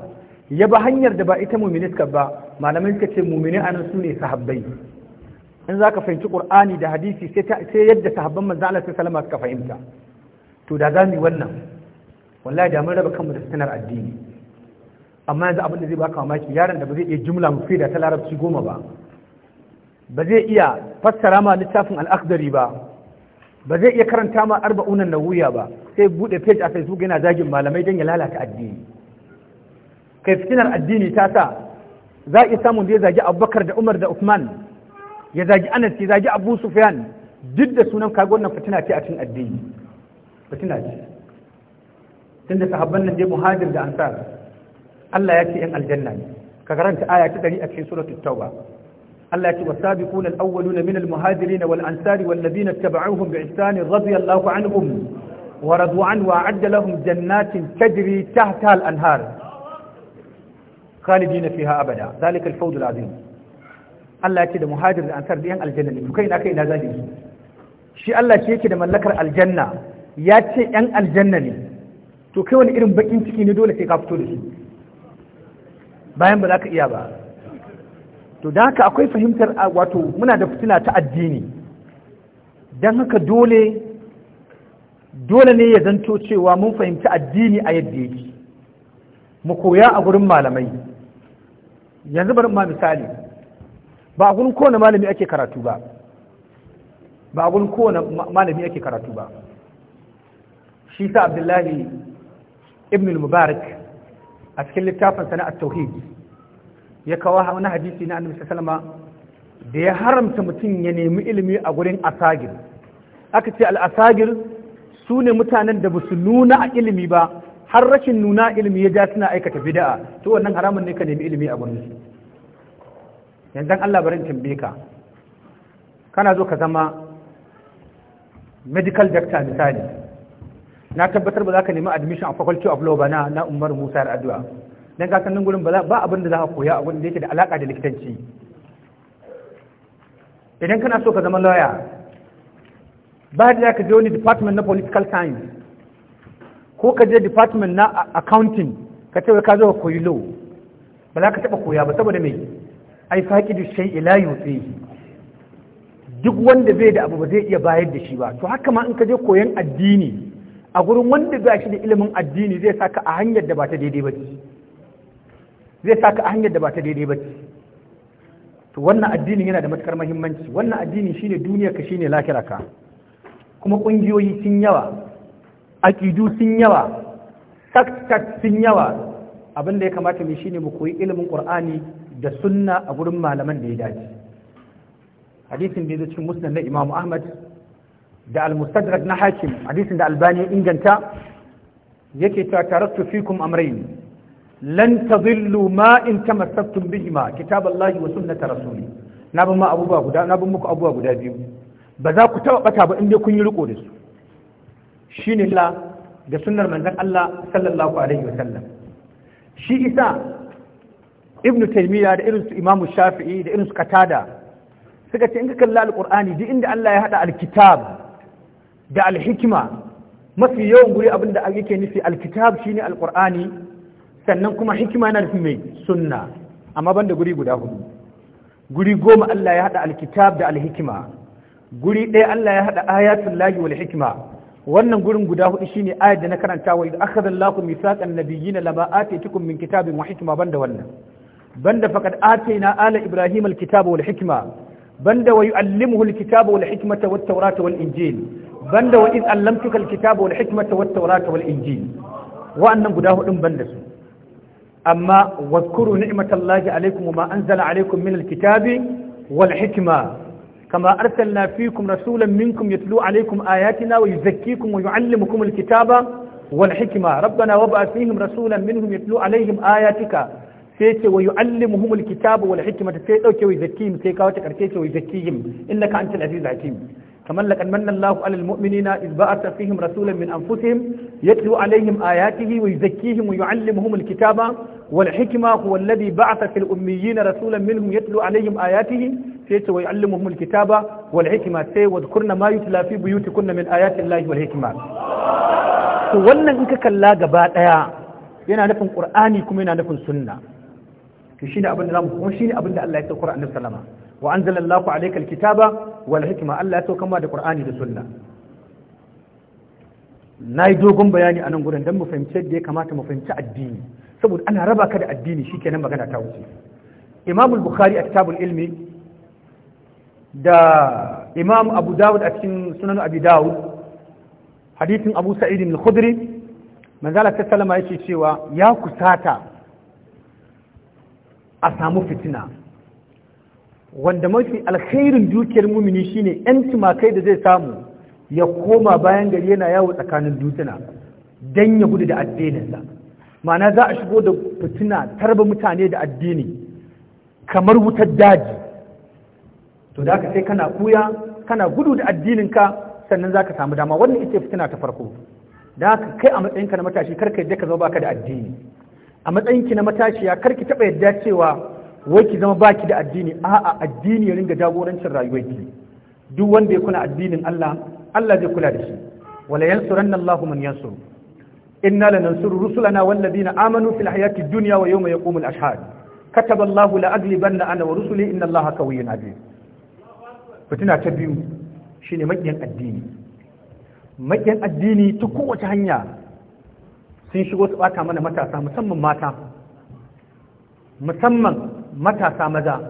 Speaker 1: ya ba hanyar da ba ita mumini suka ba malamai suka ce mumini anan su ne sahabbai in za ka fahimci qur'ani da hadisi sai yadda sahabban manzo Allah salama suka fahimta to da za mu wannan wallahi da mun raba kanmu da sanar addini amma yanzu abin da zai baka mamaki yaron da ba zai iya jumla da ta larabci goma ba ba zai iya fassara ma littafin al-akhdari ba ba zai iya karanta ma arba'unan wuya ba sai bude page a facebook yana zagin malamai don ya lalata addini kai fitinar addini ta sa za a samun da ya zagi abubakar da umar da usman ya zagi anas ya zagi abu sufyan duk da sunan kaga wannan fitina ce a cikin addini fitina ce tunda sahabban nan dai muhajir da ansar Allah ya ce yan aljanna ne ka karanta aya ta ɗari a cikin suratul tauba Allah ce wasabiqun al-awwaluna min al-muhajirin wal ansari wal ladina tabauhum bi ihsan radiyallahu anhum wa radu an wa adda lahum jannatin tajri tahta al-anhar khalidin fiha abada zalika al-fawz al-azim Allah ya ce da muhajir da ansar da yan aljanna ne kai na kai na zabi shi Allah shi yake da mallakar aljanna ya ce yan aljanna ne to kai wani irin bakin ciki ne dole sai ka fito da shi bayan ba za ka iya ba to da haka akwai fahimtar wato muna da fitina ta addini don haka dole dole ne ya zanto cewa mun fahimci addini a yadda yake mu koya a gurin malamai yanzu bari ma misali ba a gurin kowane malami ake karatu ba ba a gurin kowane malami ake karatu ba shi sa abdullahi ibn mubarak a cikin littafin sana'ar tauhidi. ya kawo wani hadisi na annabi sallama da ya haramta mutum ya nemi ilimi a gurin asagir aka ce al'asagir su ne mutanen da basu nuna a ilimi ba har rashin nuna ilimi ya ja suna aikata bid'a to wannan haramun ne ka nemi ilimi a gurin su yanzu Allah barin tambaye ka kana zo ka zama medical doctor misali na tabbatar ba za ka nemi admission a faculty of law ba na na Umar Musa addu'a don ka nan gurin ba abin da za a koya a da yake da alaka da likitanci idan kana so ka zama lawyer ba da ka je wani department na political science ko ka je department na accounting ka ce ka zo ka koyi law ba za ka taba koya ba saboda mai ai faqidu shay'i la yuti duk wanda bai da abu ba zai iya bayar da shi ba to haka ma in ka je koyan addini a gurin wanda ba shi da ilimin addini zai saka a hanyar da ba ta daidai ba ce zai saka a hanyar da ba ta daidai ba ce to wannan addinin yana da matukar mahimmanci wannan addini shine duniyar ka shine lafiyar ka kuma ƙungiyoyi sun yawa aƙidu sun yawa saktat sun yawa abin da ya kamata mu shine mu koyi ilimin Ƙur'ani da sunna a gurin malaman da ya dace hadisin da ya cikin musnad na imamu ahmad da al-mustadrak na hakim hadisin da albani ya inganta yake ta taraktu fikum amrayn lan tadillu ma in tamassaktum bihima kitaballahi wa sunnata rasuli na ban ma abubuwa guda na bin muku abubuwa guda biyu ba za ku taba bata ba in dai kun yi riko da su shine la da sunnar manzon Allah sallallahu alaihi wa sallam shi isa ibn taymiya da irin su imamu shafi'i da irin su qatada suka ce in ka kalla alqur'ani duk inda Allah ya hada alkitab da alhikma mafi yawan guri abinda yake nufi alkitab shine alqur'ani sannan kuma hikima na nufin mai sunna amma banda guri guda hudu guri goma Allah ya haɗa alkitab da alhikima guri ɗaya Allah ya hada ayatul lahi wal hikima wannan gurin guda hudu shine ayat da na karanta wa idza akhadha Allahu mithaqan nabiyyin lama atitukum min kitabin wa hikma banda wannan banda faqad atayna ala ibrahim alkitaba wal hikma banda wa yuallimuhu alkitaba wal hikmata wat tawrata wal injil banda wa idza allamtuka alkitaba wal hikmata wat tawrata wal injil wa'annan guda hudun banda su amma waskuru wadkuru ni'matallahi alaikum ma anzala alaikum min alkitabi wal hikma kama arsalna fikum rasulan minkum yatlu alaikum ayatina wa yuzakkikum wa yuallimukum alkitaba wal hikma rabbana wab'ath fihim rasulan minhum yatlu alaihim ayatika sai ce wa yu'allimuhum alkitaba wal ta sai dauke wa zakkihim sai kawo ta karshe ce wa zakkihim innaka antal aziz hakim kaman laqad manna Allahu alal mu'minina iz ba'atha fihim rasulan min anfusihim yatlu alaihim ayatihi wa yuzakkihim wa yu'allimuhum alkitaba والحكمة هو الذي بعث في الأميين رسولا منهم يتلو عليهم آياته سيت ويعلمهم الكتابة والحكمة سي واذكرن ما يتلى في بيوتكن من آيات الله والحكمة to wannan in ka kalla gaba daya yana nufin qur'ani kuma yana nufin sunna to shine abin da zamu kuma shine abin da Allah ya saukar annabi sallama wa anzalallahu alayka alkitaba wal hikma Allah ya saukar ma da qur'ani da sunna nayi dogon bayani a nan gurin dan mu fahimci yadda ya kamata mu fahimci addini saboda ana raba ka da addini shi shikenan magana ta wuce imam al-bukhari a kitabul ilmi da imam abu dawud a cikin sunan abi dawud hadithin abu sa'id al-khudri manzala ta salama yake cewa ya kusata a samu fitina wanda mafi alkhairin dukiyar mumini shine yan tumakai da zai samu ya koma bayan gari yana yawo tsakanin dutuna dan ya gudu da addininsa ma'ana za a shigo da fitina tarba mutane da addini kamar wutar daji to da ka sai kana kuya kana gudu da addininka sannan za ka samu dama wannan ita fitina ta farko da ka kai a matsayinka na matashi karka yadda ka zama baka da addini a matsayinki na matashi matashiya karki taba yadda cewa wai ki zama baki da addini a'a addini ya ringa jagorancin rayuwarki duk wanda ya kula addinin Allah Allah zai kula da shi wala yansuranna Allahu man yansuru inna lanansuru rusulana na amanu fil hayati dunya wa yawma yaqumul ashhad kataba Allahu la aglibanna ana wa rusuli inna Allaha qawiyyun aziz fitina ta biyu shine makiyan addini makiyan addini ta kowace hanya sun shigo su bata mana matasa musamman mata musamman matasa maza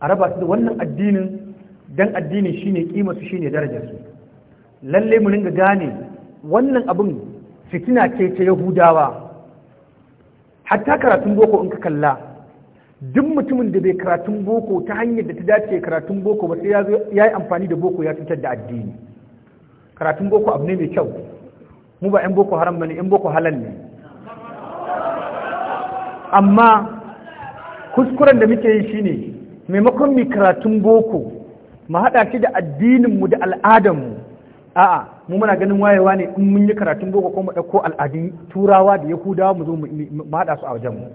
Speaker 1: a su da wannan addinin dan addinin shine kimarsu shine darajarsu lalle mu ringa gane wannan abin fitina ce ta yahudawa hatta karatun boko in ka kalla duk mutumin da bai karatun boko ta hanyar da ta dace karatun boko ba sai ya yi amfani da boko ya cutar da addini karatun boko abu ne mai kyau mu ba 'yan boko haram ba ne 'yan boko halal ne amma kuskuren da muke yi shine maimakon mu karatun boko mu haɗa shi da addininmu da al'adarmu a'a mu muna ganin wayewa ne in mun yi karatun boko ko mu ɗauko al'adun turawa da yahudawa mu zo mu haɗa su a wajen mu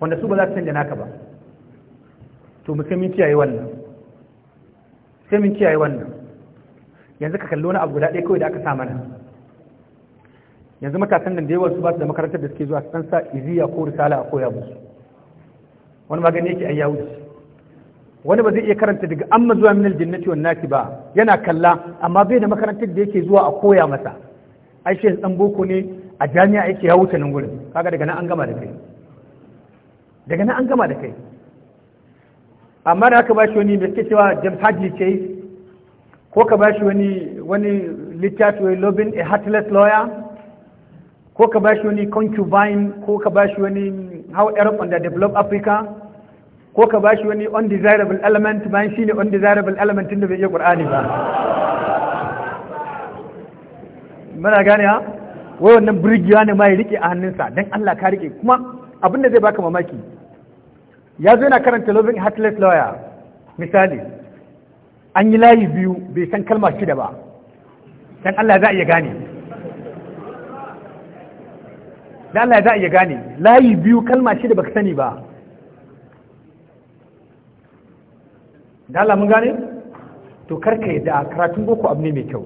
Speaker 1: wanda su ba za su canja naka ba to mu sai mun kiyaye wannan sai mun kiyaye wannan yanzu ka kallo na abu guda ɗaya kawai da aka sa mana yanzu matasan nan da yawa su ba su da makarantar da suke zuwa su san sa iziya ko risala a koya musu wani magani yake ayyawuci wani ba zai iya karanta daga amma zuwa minal jannati wan naki ba yana kalla amma bai da makarantar da yake zuwa a koya masa ai shi dan boko ne a jami'a yake ya wuce nan gurin kaga daga nan an gama da kai daga nan an gama da kai amma da aka ba shi wani da suke cewa James Hadley Chase ko ka ba shi wani wani littafi wai lobin a heartless lawyer ko ka ba shi wani concubine ko ka ba shi wani how Europe under developed Africa ko ka ba shi wani undesirable element bayan ne undesirable element tun da bai iya Ƙur'ani ba muna gane ha wai wannan burgiya ne ma ya rike a hannunsa dan Allah ka rike kuma abin da zai baka mamaki ya zo yana karanta loving heartless lawyer misali an yi layi biyu bai san kalma shida ba dan Allah za a iya gane dan Allah za a iya gane layi biyu kalma shida baka sani ba da Allah mun gane to karka yadda a karatun boko abu ne mai kyau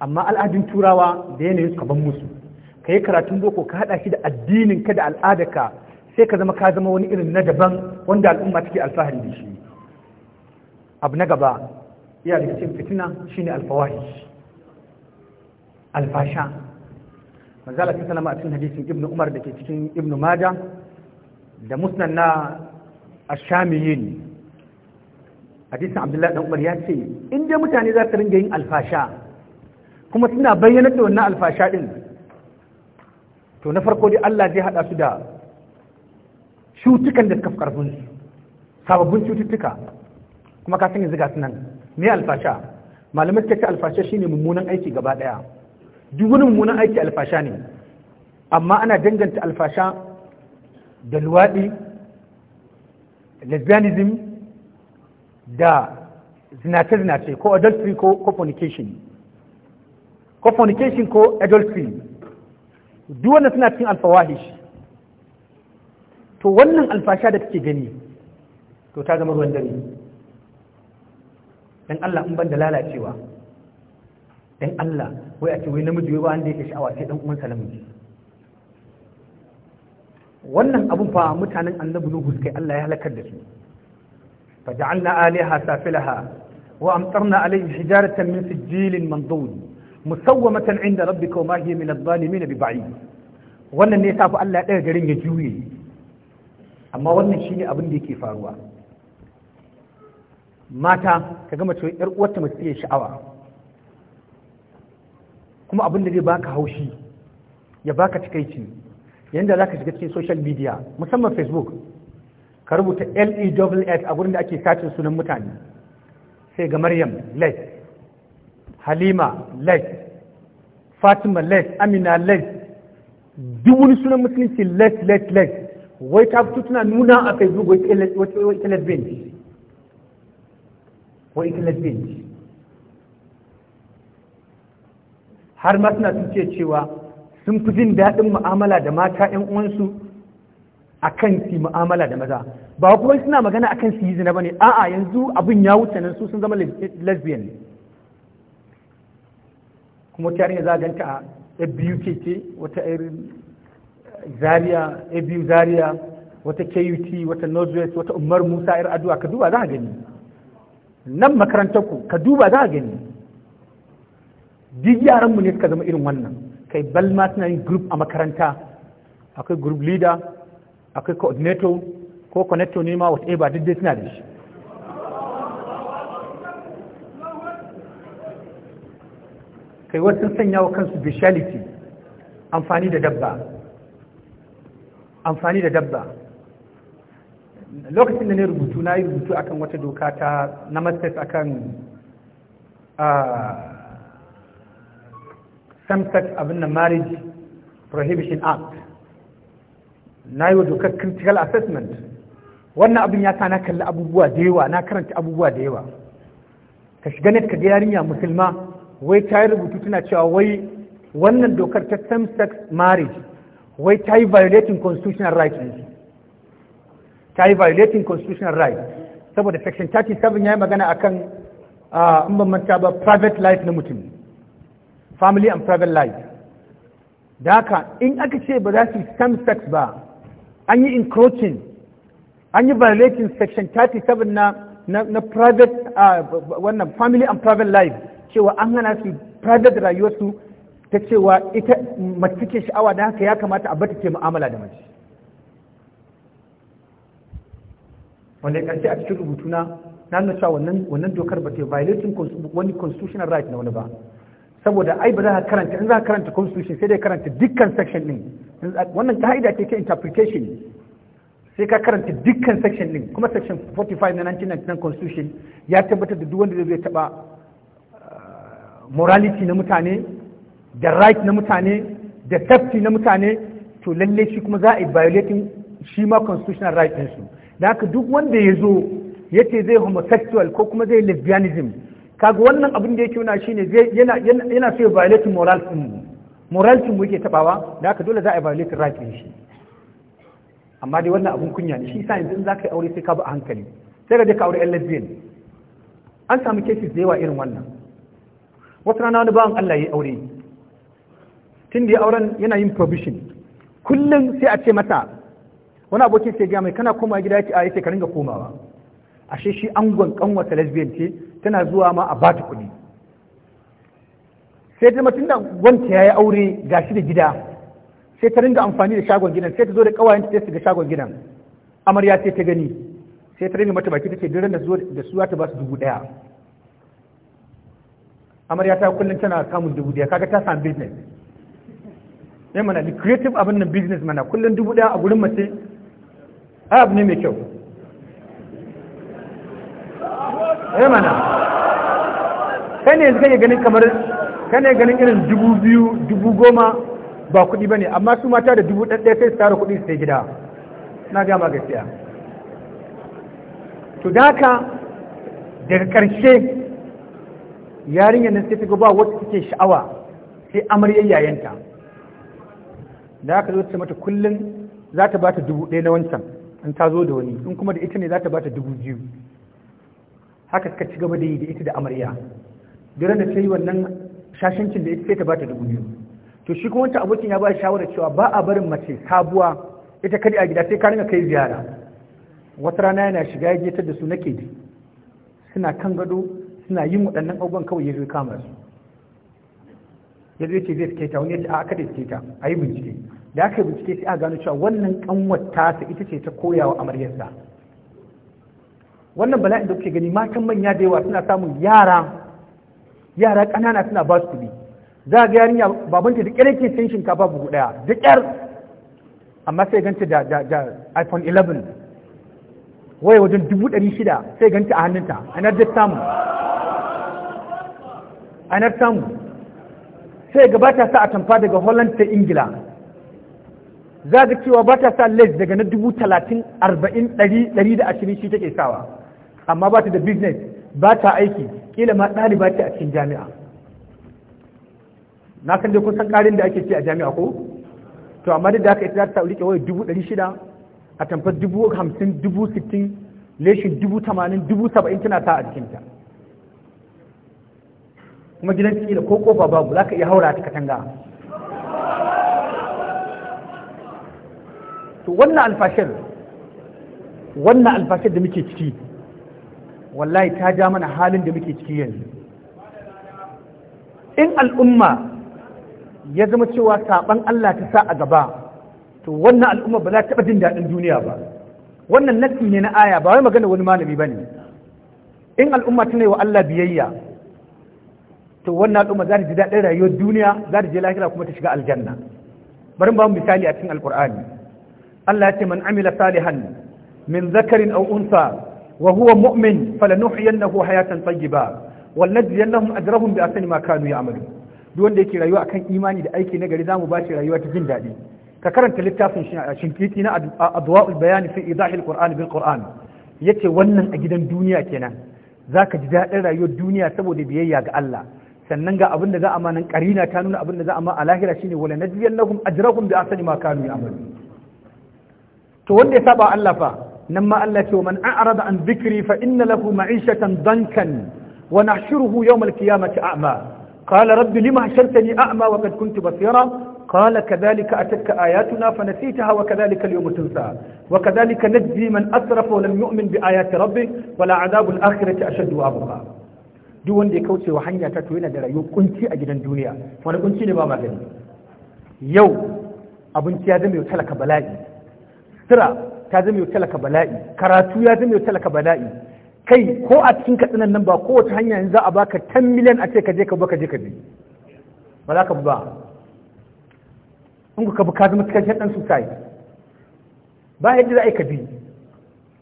Speaker 1: amma al'adun turawa da yanayin su ban musu ka yi karatun boko ka haɗa shi da addinin ka da al'adarka sai ka zama ka zama wani irin na daban wanda al'umma take alfahari da shi abu na gaba iya da cikin fitina shine alfawahi alfasha manzala sun salama a cikin hadisin ibnu umar da ke cikin ibnu maja da musnan na ashamiyin hadisin abdullahi dan umar ya ce in dai mutane za su ringa yin alfasha kuma suna bayyana da wannan alfasha din to na farko dai Allah zai haɗa su da cutukan da suka fi karfin su sababbin cututtuka kuma ka san yanzu sunan me alfasha malamai ta ce alfasha shine mummunan aiki gaba daya duk wani mummunan aiki alfasha ne amma ana danganta alfasha da luwaɗi lesbianism da zinace-zinace ko adultery ko fornication ko fornication ko adultery duk wanda suna cin alfawahish to wannan alfasha da take gani to ta zama ruwan dare dan Allah in ban da lalacewa dan Allah wai a ce wai namiji wai ba wanda yake sha'awa sai dan uwan salamu wannan abun fa mutanen annabi Nuhu kai Allah ya halakar da su فجعلنا عليها سافلها وأمطرنا عليهم حجارة من سجيل منضود مسومة عند ربك وما هي من الظالمين ببعيد wannan ne ya fi Allah ɗaya garin ya juye amma wannan shi ne abin da yake faruwa mata ka gama cewa ‘yar uwarta mace ya sha'awa kuma abin da zai baka haushi ya baka cikaici, yadda za ka shiga cikin social media musamman facebook ka rubuta S e a gurin da ake sacin sunan mutane sai ga Maryam Lai Halima Lai Fatima Lai Amina Lai duk wani sunan musulunci Lai Lai Lai wai ta fito tana nuna a kai wai ita lesbian ce wai ita lesbian ce har ma suna sun ce cewa sun fi jin daɗin mu'amala da mata 'yan uwansu kan su mu'amala da maza ba kuma suna magana kan su yi zina ne? a'a yanzu abin ya wuce nan su sun zama lesbian ne kuma wata yarinya za a ganta a abu ce wata irin zaria abu zaria wata kut wata northwest wata umar musa ir addu'a ka duba za a gani nan makarantar ku ka duba za a gani duk yaranmu ne suka zama irin wannan kai balma suna yin group a makaranta akwai group leader akwai coordinator ko connector ne ma whatever duk dai suna da shi kai wasu sanya wa kansu speciality amfani da dabba amfani da dabba lokacin da ne rubutu na yi rubutu akan wata doka ta na masters akan ah, samsex abin na marriage prohibition act na yi wa dokar critical assessment wannan abin ya sa na kalli abubuwa da yawa na karanta abubuwa da yawa ka shiga net ka ga yarinya musulma wai ta yi rubutu tana cewa wai wannan dokar ta same sex marriage wai ta yi violating constitutional rights. ne ta yi violating constitutional rights. saboda section 37 ya yi magana a in ban manta ba private life na mutum family and private life da haka in aka ce ba za su same sex ba an yi encroaching an yi violating section 37 na na private ah, wannan family and private life cewa an hana su private rayuwarsu ta cewa ita mace take sha'awa da haka ya kamata a bata ke mu'amala da mace wanda ya karshe a cikin rubutu na nuna cewa wannan dokar ba ta violating wani constitutional right na wani ba saboda ai ba za ka karanta in za ka karanta constitution sai dai karanta dukkan section din wannan ka'ida ce ta interpretation sai ka karanta dukkan section din kuma section 45 na 1999 constitution ya tabbatar da duk wanda zai taba uh, morality na mutane da right na mutane da safety na mutane to lalle shi kuma za a yi violating shi ma constitutional right din su da haka duk wanda ya zo ya ce zai homosexual ko kuma zai lesbianism kaga wannan abin da yake nuna shine zai yana yana so violate moral din moral din mu yake tabawa da haka dole za a violate right din shi amma dai wannan abin kunya ne shi sa yanzu in ka yi aure sai ka bi a hankali sai ka je ka aure yan lesbian an samu cases da yawa irin wannan Wasu rana wani bawan Allah ya yi aure tun da ya auren yana yin provision kullum sai a ce mata wani abokin sai gaya mai kana koma gida ya ce a yake ka ringa komawa ashe shi angon kanwata lesbian ce tana zuwa ma a bata kuɗi sai ta mutum da wanta ya yi aure gashi da gida sai ta ringa amfani da shagon gidan sai ta zo da kawayen ta ga shagon gidan amarya sai ta gani sai ta ringa mata baki ta ce duk da zuwa da suwa ta ba su dubu ɗaya amarya ta kullum tana samun dubu ɗaya kaga ta samu business yamma mana da creative abin nan business mana kullum dubu ɗaya a gurin mace abu ne mai kyau eh mana kai ne yanzu ganin ganin irin dubu biyu dubu goma ba kuɗi ba ne amma su mata da dubu ɗaɗɗaya sai su tara kuɗi su sai gida na gama gaskiya to da haka daga ƙarshe yarinyar nan sai ta ba wata take sha'awa sai amaryar yayanta da haka zo ta mata kullum za ta ba ta dubu ɗaya na wancan in ta zo da wani in kuma da ita ne za ta ba ta dubu biyu haka suka ci gaba da yi da ita da amarya daren da ta yi wannan shashancin da ita sai ta bata dubu biyu to shi kuma wancan abokin ya ba shawarar cewa ba a barin mace sabuwa ita kadi a gida sai ka ringa kai ziyara wata rana yana shiga ya getar da su na ji suna kan gado suna yin waɗannan abubuwan kawai ya zo kama su ya zo ce zai suke ta wani ya ce a aka da suke ta a yi bincike da aka yi bincike sai a gano cewa wannan kanwar tasa ita ce ta koyawa amaryarsa wannan bala'in da kuke gani matan manya da yawa suna samun yara yara ƙanana suna ba su kuɗi za ga yarinya babanta da ƙyar yake sayan shinkafa buhu ɗaya da ƙyar amma sai ganta da iPhone 11 waye wajen dubu ɗari shida sai ganta a hannunta anar da samu anar samu sai gabata sa a tamfa daga Holland ta Ingila za ga cewa ba ta sa les daga na dubu talatin arba'in ɗari da ashirin shi take sawa amma ba ta da business ba ta aiki kila ma ɗaliba ce a cikin jami'a na san dai kun san ƙarin da ake ci a jami'a ko to amma da aka ita za ta rike waya dubu ɗari shida a tamfar dubu hamsin dubu sittin leshin dubu tamanin dubu saba'in tana ta a jikinta kuma gidan ciki da ko kofa babu za ka iya haura ta katanga to wannan alfashin wannan alfashin da muke ciki wallahi ta ja mana halin da muke ciki yanzu in al'umma ya zama cewa saban Allah ta sa a gaba to wannan al'umma ba za ta taɓa jin daɗin duniya ba wannan nassi ne na aya ba wai magana wani malami ba ne in al'umma tana yi wa Allah biyayya to wannan al'umma za ta ji daɗin rayuwar duniya za ta je lahira kuma ta shiga aljanna bari ba mu misali a cikin Alƙur'ani. Allah ya ce man amila salihan min zakarin aw unsa wa huwa mu'min falanuhyiyannahu hayatan tayyiba walnajziyannahum ba a ahsani ma kanu ya'malun duk wanda yake rayuwa akan imani da aiki na gari zamu bashi rayuwa ta jin daɗi ka karanta littafin shinkiti na adwa'ul bayani fi idahil qur'an bil ya ce wannan a gidan duniya kenan zaka ji daɗin rayuwar duniya saboda biyayya ga Allah sannan ga abin za a ma nan karina ta nuna abinda za a ma a lahira shine wala najziyannahum ajrahum bi ahsani ma kanu ya'malun to wanda ya saba Allah fa نما الله تو من أعرض عن ذكري فإن له معيشة ضنكا ونحشره يوم القيامة أعمى قال رب لما حشرتني أعمى وقد كنت بصيرا قال كذلك أتتك آياتنا فنسيتها وكذلك اليوم تنسى وكذلك نجزي من أسرف ولم يؤمن بآيات ربه ولا عذاب الآخرة أشد وأبقى duk wanda ya kauce wa hanya ta to yana da rayuwar kunci a gidan duniya wani kunci ne ba magani yau ta zama yau talaka bala'i karatu ya zama yau talaka bala'i kai ko a cikin katsinan nan ba wata hanya za a baka 10 miliyan a ce ka je ka ba ka je ka bi ba za ka ba in ku ka bi ka zama cikakken shaɗan sosai ba yadda za a yi ka bi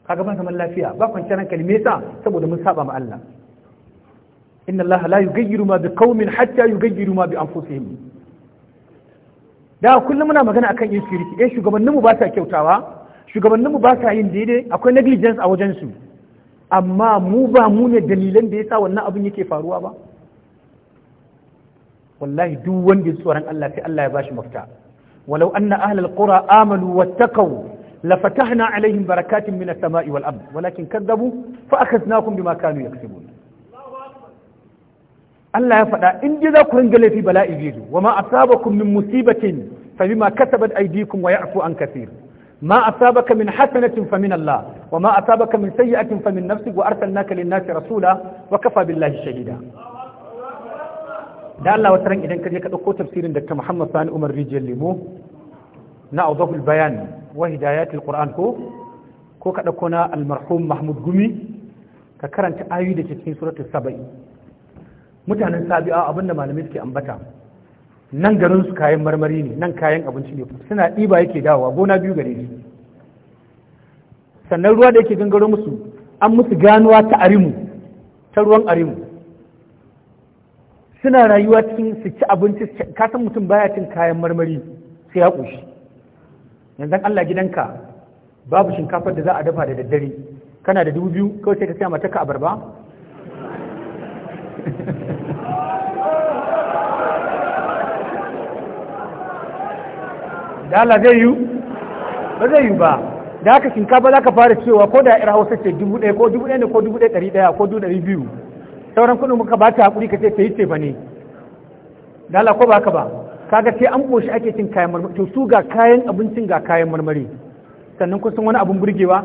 Speaker 1: ka gaban zaman lafiya ba kwanciyar hankali me yasa saboda mun saba ma Allah inna Allah la yughayyiru ma biqaumin hatta yughayyiru ma bi anfusihim da kullum muna magana akan insecurity eh shugabanninmu ba sa kyautawa shugabanninmu ba sa yin daidai akwai negligence a wajensu amma mu ba mu ne dalilan da ya sa wannan abin yake faruwa ba wallahi duk wanda tsoron Allah sai Allah ya bashi mafita walau anna ahlal qura amanu wattaqu lafatahna alaihim barakatin minas sama'i wal ard walakin kadzabu fa akhadnahum bima kanu yaksibun Allah ya faɗa in ji za ku ringa laifi bala'i zai zo wa ma asabakum min musibatin fa bima kasabat aydikum wa ya'fu an kasiru. ما أصابك من حسنة فمن الله وما أصابك من سيئة فمن نفسك وأرسلناك للناس رسولا وكفى بالله شهيدا da Allah wata ran idan ka je ka ɗauko tafsirin Dr. Muhammad Sani Umar Rijiyar Lemo na Awdahul Bayan wa Hidayatul Qur'an ko ko ka ɗauko na almarhum Mahmud Gumi ka karanta ayoyi da cikin suratul Saba'i mutanen Sabi'a abinda malamai suke ambata nan garin su kayan marmari ne nan kayan abinci ne suna ɗiba yake dawowa gona biyu gare su sannan ruwa da yake gangaro musu an musu ganuwa ta arimu ta ruwan arimu suna rayuwa cikin su ci abinci kasan mutum baya cin kayan marmari sai ya ƙoshi yanzu Allah gidanka babu shinkafar da za a dafa da daddare kana da dubu biyu kawai sai ka siya mata ka abarba da Allah zai yi ba zai yi ba da haka shinkafa za ka fara cewa ko da yar hausa ce dubu ɗaya ko dubu ɗaya ko dubu ɗaya ɗari ɗaya ko dubu ɗari biyu sauran kuɗin muka ba ta haƙuri ka ce ta yi ce ba ne da Allah ko ba ka ba kaga sai an ƙoshi ake cin kayan marmari to su ga kayan abincin ga kayan marmari sannan kun san wani abun burgewa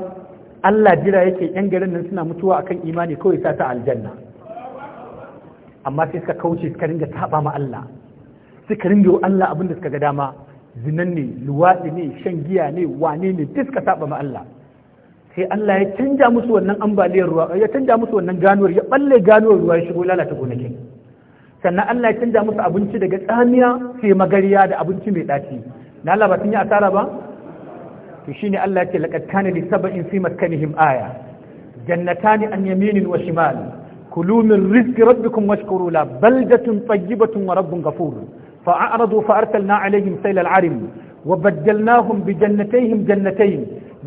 Speaker 1: Allah jira yake yan garin nan suna mutuwa akan imani kawai sa ta aljanna amma sai suka kauce suka ringa saba ma Allah suka ringa Allah abin da suka ga dama zinan ne luwaɗi ne shan giya ne wane ne diska saba ma Allah sai Allah ya canja musu wannan ambaliyar ruwa ya canja musu wannan ganuwar ya balle ganuwar ruwa ya shigo lalata gonakin sannan Allah ya canja musu abinci daga tsamiya sai magariya da abinci mai ɗaci na Allah ba sun yi asara ba to shine Allah ya ce laqad kana li sab'in fi maskanihim aya jannatani an yaminin wa shimal kulu min rizqi rabbikum washkuru la baldatun tayyibatun wa rabbun ghafurun فأعرضوا فأرسلنا عليهم سيل العرم وبدلناهم بجنتيهم جنتين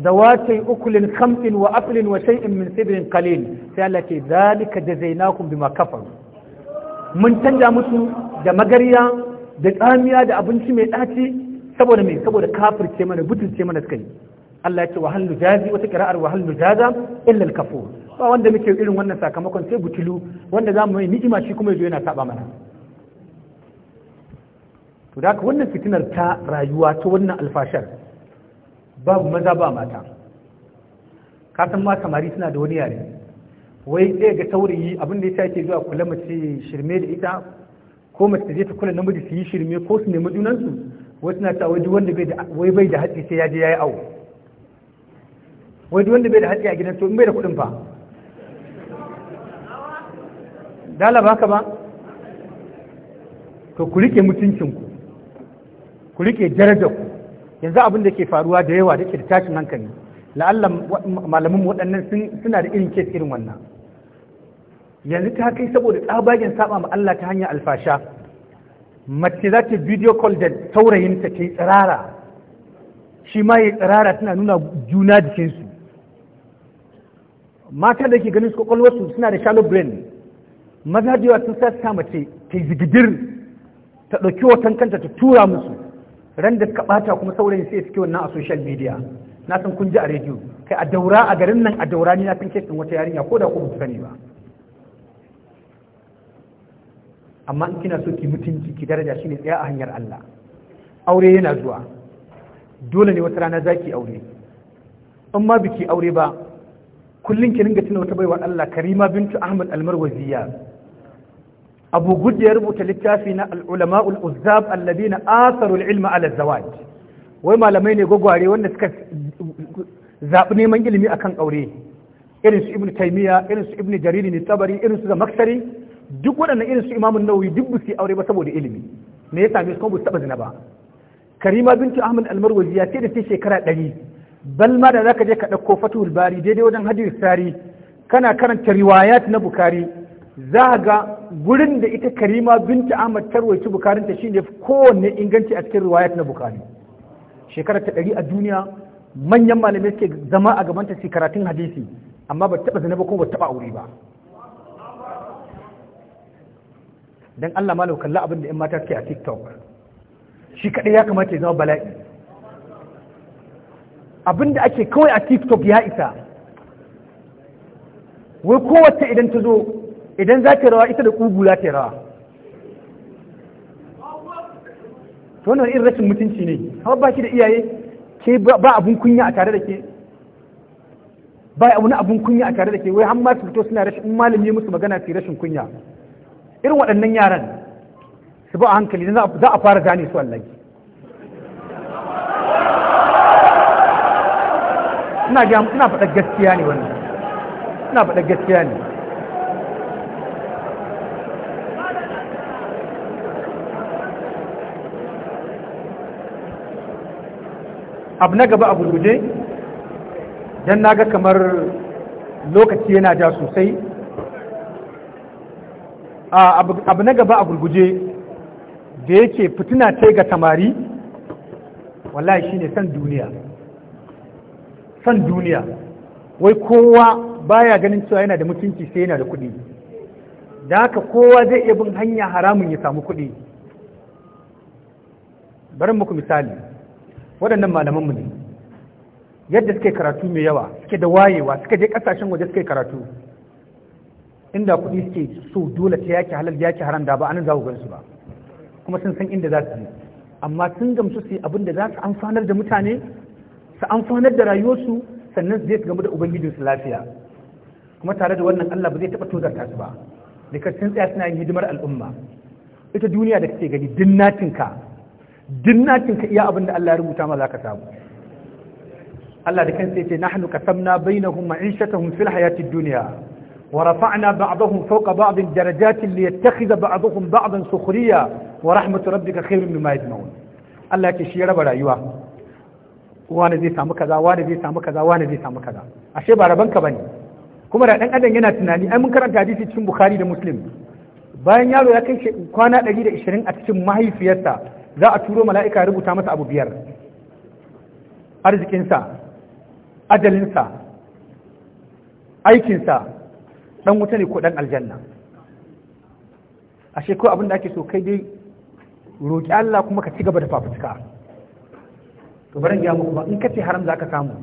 Speaker 1: ذواتي أكل خمس وأفل وشيء من سدر قليل سألتي ذلك جزيناكم بما كفروا من تنجا مسو da magarya, da tsamiya da abinci mai ɗaci saboda mai saboda kafirce mana butulce mana suka yi Allah ya ce wa hannu jazi wata kira'ar wa hannu jaza illa al ba wanda muke irin wannan sakamakon sai butulu wanda mu yi ni'ima shi kuma yana saba mana to da wannan fitinar ta rayuwa ta wannan alfashar babu maza ba mata san ma samari suna da wani yare wai ɗaya ga tauriyi abin da ya ke zuwa kula mace shirme da ita ko mace ta je ta kula namiji su yi shirme ko su nemi junansu wai suna ta wai bai wanda wai bai da hatsi sai ya je ya yi awo wai duk wanda bai da hatsi a gidan to in bai da kuɗin fa dala ba ka ba to ku rike mutuncinku ku rike darajar ku yanzu abin da ke faruwa da yawa da ke da tashin hankali la'allam malamin waɗannan suna da irin kes irin wannan yanzu ta kai saboda tsabagen saba ma Allah ta hanyar alfasha mace za ta video call da saurayinta ta yi tsirara shi ma ya tsirara tana nuna juna jikinsu mata da ke ganin kwakwalwarsu suna da shallow brain maza da sun sa mace ta yi zigidir ta ɗauki watan kanta ta tura musu ran da suka bata kuma saurayin sai suke wannan a social media na san kun ji a rediyo kai a daura a garin nan a daura ni na san kesin wata yarinya ko da ku ba sani ba amma in kina so ki mutunci ki daraja shine tsaya a hanyar Allah aure yana zuwa dole ne wata rana zaki aure in ma biki aure ba kullun ki ringa tuna wata baiwa Allah Karima bintu Ahmad Almarwaziya abu gud ya rubuta littafi na al'ulama'ul allabi na asarul ilma ala zawaj wai malamai ne gwagware wanda suka zaɓi neman ilimi akan aure irin su Ibn taymiya irin su Ibn jariri ne tabari irin su maksari duk waɗannan irin su imamun Nauyi duk ba aure ba saboda ilimi me ya same su kuma ba taɓa zina ba karima bintu ahmad almarwazi ya ce da ce shekara ɗari bal ma da zaka je ka ɗauko fatul bari daidai wajen hadis sari kana karanta riwayat na bukari za ga gurin da ita karima binta ahmad tarwaici bukarinta shi ne kowanne inganci a cikin riwayat na bukari shekara ta ɗari a duniya manyan malamai suke zama a gabanta su karatun hadisi amma ba taɓa zina ba ko ba taɓa aure ba dan Allah ma kalla abin da yan mata suke a TikTok shi kaɗai ya kamata ya zama bala'i abin da ake kawai a TikTok ya isa wai kowace idan ta zo idan za ta rawa ita da ƙugu za ta rawa to wannan irin rashin mutunci ne kuma ba ki da iyaye ke ba abun kunya a tare da ke ba wani abun kunya a tare da ke wai har ma su fito suna rashin in malami ya musu magana su rashin kunya irin waɗannan yaran su ba a hankali za a fara gane su wallahi ina faɗa gaskiya ne wannan ina faɗa gaskiya ne abu na gaba abu guje don ga kamar lokaci yana ja sosai abu na gaba a gurguje da yake fitina ce ga samari wallahi shine san duniya san duniya wai kowa baya ganin cewa yana da mutunci sai yana da kuɗi da haka kowa zai iya bin hanya haramun ya samu kuɗi bari muku misali waɗannan malamanmu ne yadda suke karatu mai yawa suke da wayewa suke je ƙasashen waje suke karatu inda kuɗi suke so dole ta yaki halal yaki haram da ba anan za ku gansu ba kuma sun san inda za su yi amma sun gamsu su yi abin da za su amfanar da mutane su amfanar da rayuwarsu sannan su je su gamu da ubangijinsu lafiya kuma tare da wannan Allah ba zai taɓa tozarta su ba da sun tsaya suna yin hidimar al'umma ita duniya da kake gani din natinka dinnakin ka iya abin da Allah ya rubuta ma zaka samu Allah da kansa yace nahnu qasamna bainahum ma'ishatahum fil hayati dunya wa rafa'na ba'dahum fawqa ba'din darajatin liyattakhidha ba'dahum ba'dan sukhriya wa rahmatu rabbika khairun mimma yajma'un Allah yake shi ya raba rayuwa wani zai samu kaza wani zai samu kaza wani zai samu kaza ashe ba raban ka bane kuma da dan adam yana tunani ai mun karanta hadisi cikin bukhari da muslim bayan yaro ya kai kwana 120 a cikin mahaifiyarsa za a turo mala'ika rubuta masa abu biyar arzikinsa ajalinsa aikinsa ɗan wuta ne ko ɗan aljanna a shekaru abin da ake so kai dai roƙi Allah kuma ka ci gaba da fafutuka to bari ya muku ba in ka ce haram za ka samu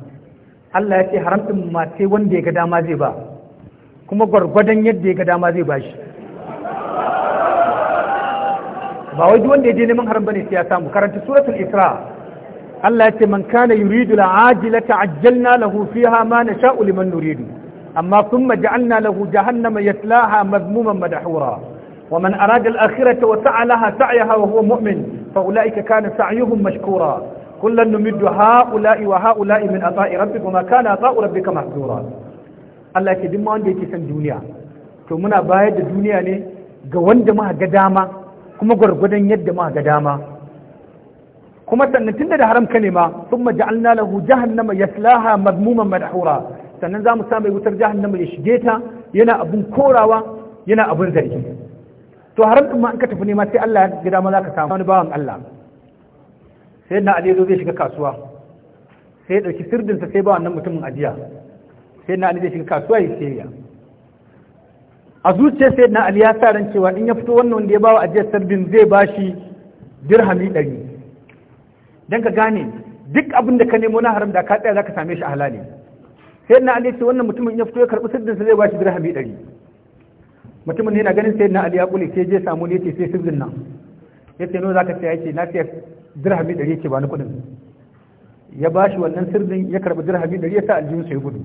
Speaker 1: Allah ya ce haram ɗin ma sai wanda ya ga dama zai ba kuma gwargwadon yadda ya ga dama zai ba shi ba wai duk wanda ya je neman haram bane sai ya samu karanta suratul isra Allah ya ce man kana yuridu al-ajila ta'ajjalna lahu fiha ma nasha'u liman nuridu amma thumma ja'alna lahu jahannama yatlaha madmuman madhura ومن أراد الآخرة وسعى لها سعيها وهو مؤمن فأولئك كان سعيهم مشكورا كلا نمد هؤلاء وهؤلاء من عطاء ربك وما كان عطاء ربك محظورا Allah ke duk wanda yake san duniya to muna bayar da duniya ne ga wanda muka ga dama kuma gwargwadon yadda ma ga dama kuma sannan tunda da haram kalima thumma ja'alna lahu jahannama mazmuman madmuman madhura sannan za mu samu wutar jahannama ya shige ta yana abun korawa yana abun zargi to haram din ma an ka tafi nema sai Allah ya ga dama ka samu wani bawan Allah sai na Ali zai shiga kasuwa sai ya dauki sirdinsa sai ba wannan mutumin ajiya sai na Ali zai shiga kasuwa ya sayya a zuciyar sai na ali ya sa ran cewa in ya fito wannan wanda ya bawa ajiyar sardin zai ba shi dirhami ɗari don ka gane duk abin da ka nemo na haram da ka tsaya za ka same shi a halali sai na ali ce wannan mutumin ya fito ya karɓi sirbin sa zai ba shi dirhami ɗari mutumin ne na ganin sai na ali ƙuli sai je samu ne ce sai sirbin nan ya ce nawa za ka tsaya ce na tsaya dirhami ɗari ce ba ni kuɗin ya ba shi wannan sirdin ya karɓi dirhami ɗari ya sa aljihun sai gudu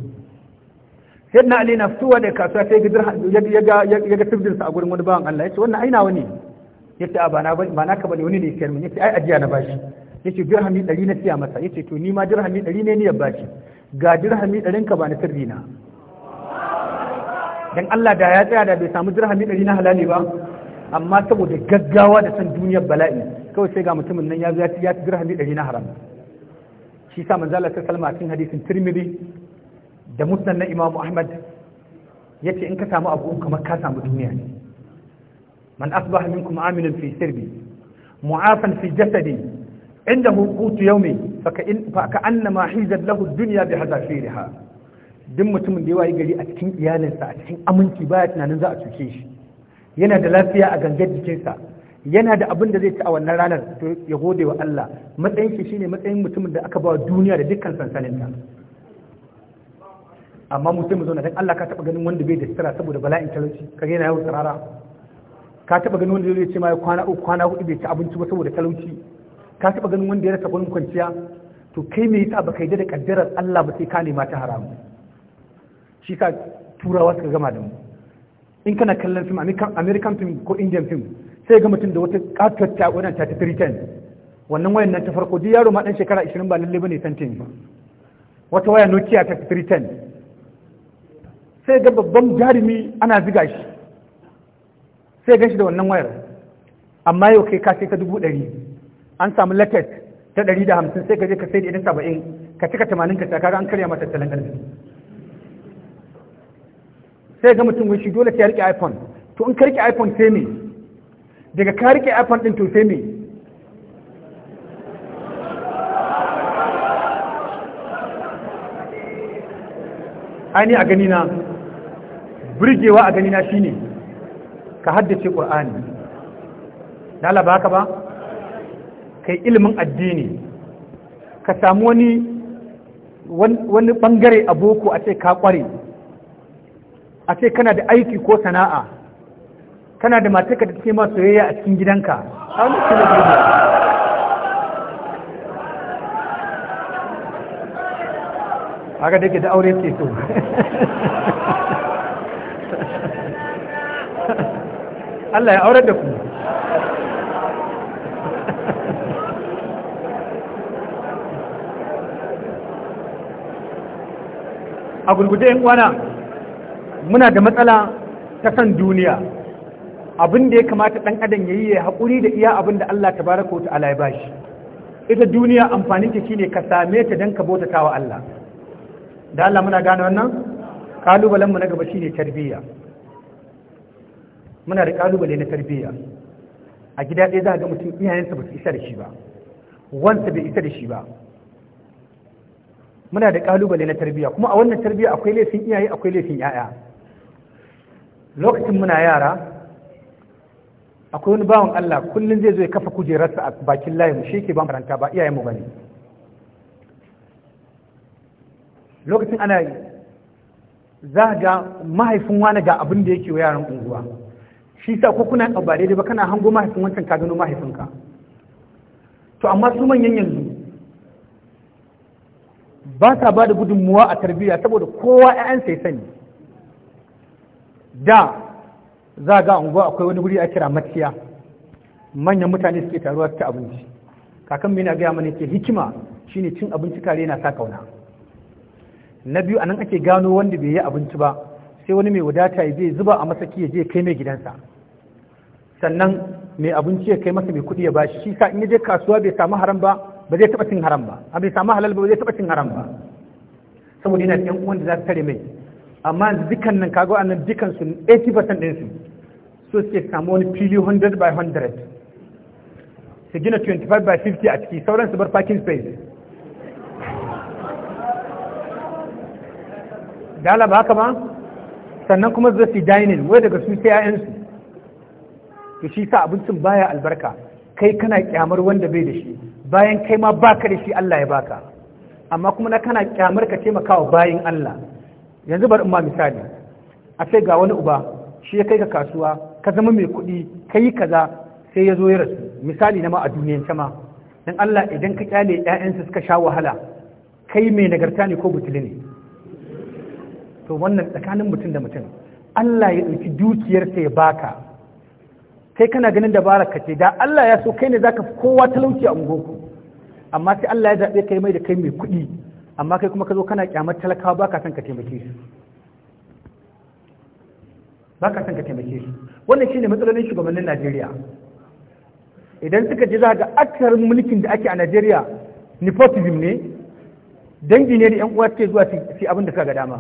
Speaker 1: sayyidina na ali na fitowa da kasuwa sai ya ga sa a gurin wani bawan Allah ya ce wannan aina wani ya ce ba na ka bane wani ne ya min ya ce ai ajiya na bashi ya ce dirhami ɗari na siya masa ya ce to ni ma dirhami ɗari ne ni ya bashi ga dirhami ɗarin ka ba na sirri na dan Allah da ya tsaya da bai samu dirhami ɗari na halali ba amma saboda gaggawa da san duniyar bala'i kawai sai ga mutumin nan ya zo ya ci dirhami ɗari na haram shi sa manzo Allah sallallahu a cikin hadisin Tirmidhi da musnad na imamu ahmad ya ce in ka samu abu kamar ka samu duniya ne man asbaha minkum aminan fi sirbi mu'afan fi jasadi indahu qutu yawmi fa ka annama hizat lahu dunya bi hadafiriha duk mutumin da ya wayi gari a cikin iyalinsa a cikin aminci baya tunanin za a cuce shi yana da lafiya a gangar jikinsa yana da abin da zai ci a wannan ranar to ya gode wa Allah matsayin shi shine matsayin mutumin da aka ba duniya da dukkan sansaninta amma mu sai mu zauna dan Allah ka taba ganin wanda bai da sitara saboda bala'in talauci ka ga yana yawan sarara ka taba ganin wanda zai ce ma kwana uku kwana hudu bai ci abinci ba saboda talauci ka taba ganin wanda ya rasa gurin kwanciya to kai me yasa baka yadda da kaddarar Allah ba sai ka nema ta haramu shi ka turawa suka gama da mu in kana kallon film American film ko Indian film sai ga mutum da wata katar ta wannan ta 310 wannan wayan nan ta farko duk yaro ma dan shekara 20 ba lalle bane san ta ba wata waya Nokia ta 310 sai ga babban jarumi ana ziga shi sai ga shi da wannan wayar amma yau kai ka sai ta dubu ɗari an samu latex ta ɗari da hamsin sai ka je ka sai da ita saba'in ka cika tamanin ka kaga an karya mata talan arziki sai ga mutum shi dole sai ya rike iphone to in ka rike iphone sai me daga ka rike iphone ɗin to sai me ni a gani na burgewa a ganina shi ne ka haddace ƙur'ani na ba ka ba yi ilimin addini ka samu wani wani ɓangare a boko a ce ka ƙware a ce kana da aiki ko sana'a kana da ka da ce ma soyayya a cikin gidanka
Speaker 2: haka da ke da aure ke so Allah ya aurar da ku
Speaker 1: a gurguje wana muna da matsala ta kan duniya abin da ya kamata ɗan adam ya yi ya haƙuri da iya abin da Allah ta baraka wata ala ya bashi ita duniya amfanin ta shine ka same ta don ka bautata wa Allah da Allah muna gano wannan kalubalen mu na gaba shi ne tarbiyya muna da kalubale na tarbiyya a gida ɗaya za a ga mutum iyayensa ba su isa da shi ba wansa bai isa da shi ba muna da kalubale na tarbiyya kuma a wannan tarbiyya akwai laifin iyaye akwai laifin yaya lokacin muna yara akwai wani bawan Allah kullum zai zo ya kafa kujerarsa a bakin layin mu shi ke ba maranta ba iyayen mu bane lokacin ana za ga mahaifin wani ga abin da yake wa yaran unguwa shi sa ko kuna ba daidai ba kana hango mahaifin wancan ka gano mahaifinka to amma su manyan yanzu ba sa ba da gudunmuwa a tarbiyya saboda kowa 'ya'yansa ya sani da za ga unguwa akwai wani guri a kira matiya manyan mutane suke taruwa ta abinci kakan yana gaya mana ke hikima shine cin abinci kare na sa kauna na biyu anan ake gano wanda bai yi abinci ba sai wani mai wadata ya zuba a masaki ya je kai mai gidansa sannan mai abinci ya kai masa mai kuɗi ya bashi shi sa in je kasuwa bai samu haram ba ba zai taɓa cin haram ba a bai samu halal ba ba zai taɓa cin haram ba saboda yana ɗan uwan da za su tare mai amma dukkan nan kaga wa'annan dukkan su 80% din su so suke samu wani fili 100 by 100 su gina 25 by 50 a ciki sauran su bar parking space dala ba haka ba sannan kuma su dining wai daga su sai 'ya'yansu to shi sa abincin baya albarka kai kana kyamar wanda bai da shi bayan kai ma baka da shi Allah ya baka amma kuma na kana kyamar ka taimakawa bayan Allah yanzu bari in ma misali a sai ga wani uba shi ya kai ka kasuwa ka zama mai kuɗi ka yi kaza sai ya zo ya rasu misali na ma a duniyan ma dan Allah idan ka kyale ƴaƴansa suka sha wahala kai mai nagarta ne ko butuli ne to wannan tsakanin mutum da mutum Allah ya ɗauki dukiyarsa ya baka kai kana ganin dabara ka ce da Allah ya so kai ne zaka fi kowa talauci a ungonku amma sai Allah ya zaɓe kai mai da kai mai kuɗi amma kai kuma ka zo kana kyamar talakawa ka san ka taimake su ka son ka taimake su wannan shine matsalolin shugabannin Najeriya idan suka ji za ga akarin mulkin da ake a Najeriya nepotism ne dangi ne da yan uwa suke zuwa su abin da suka ga dama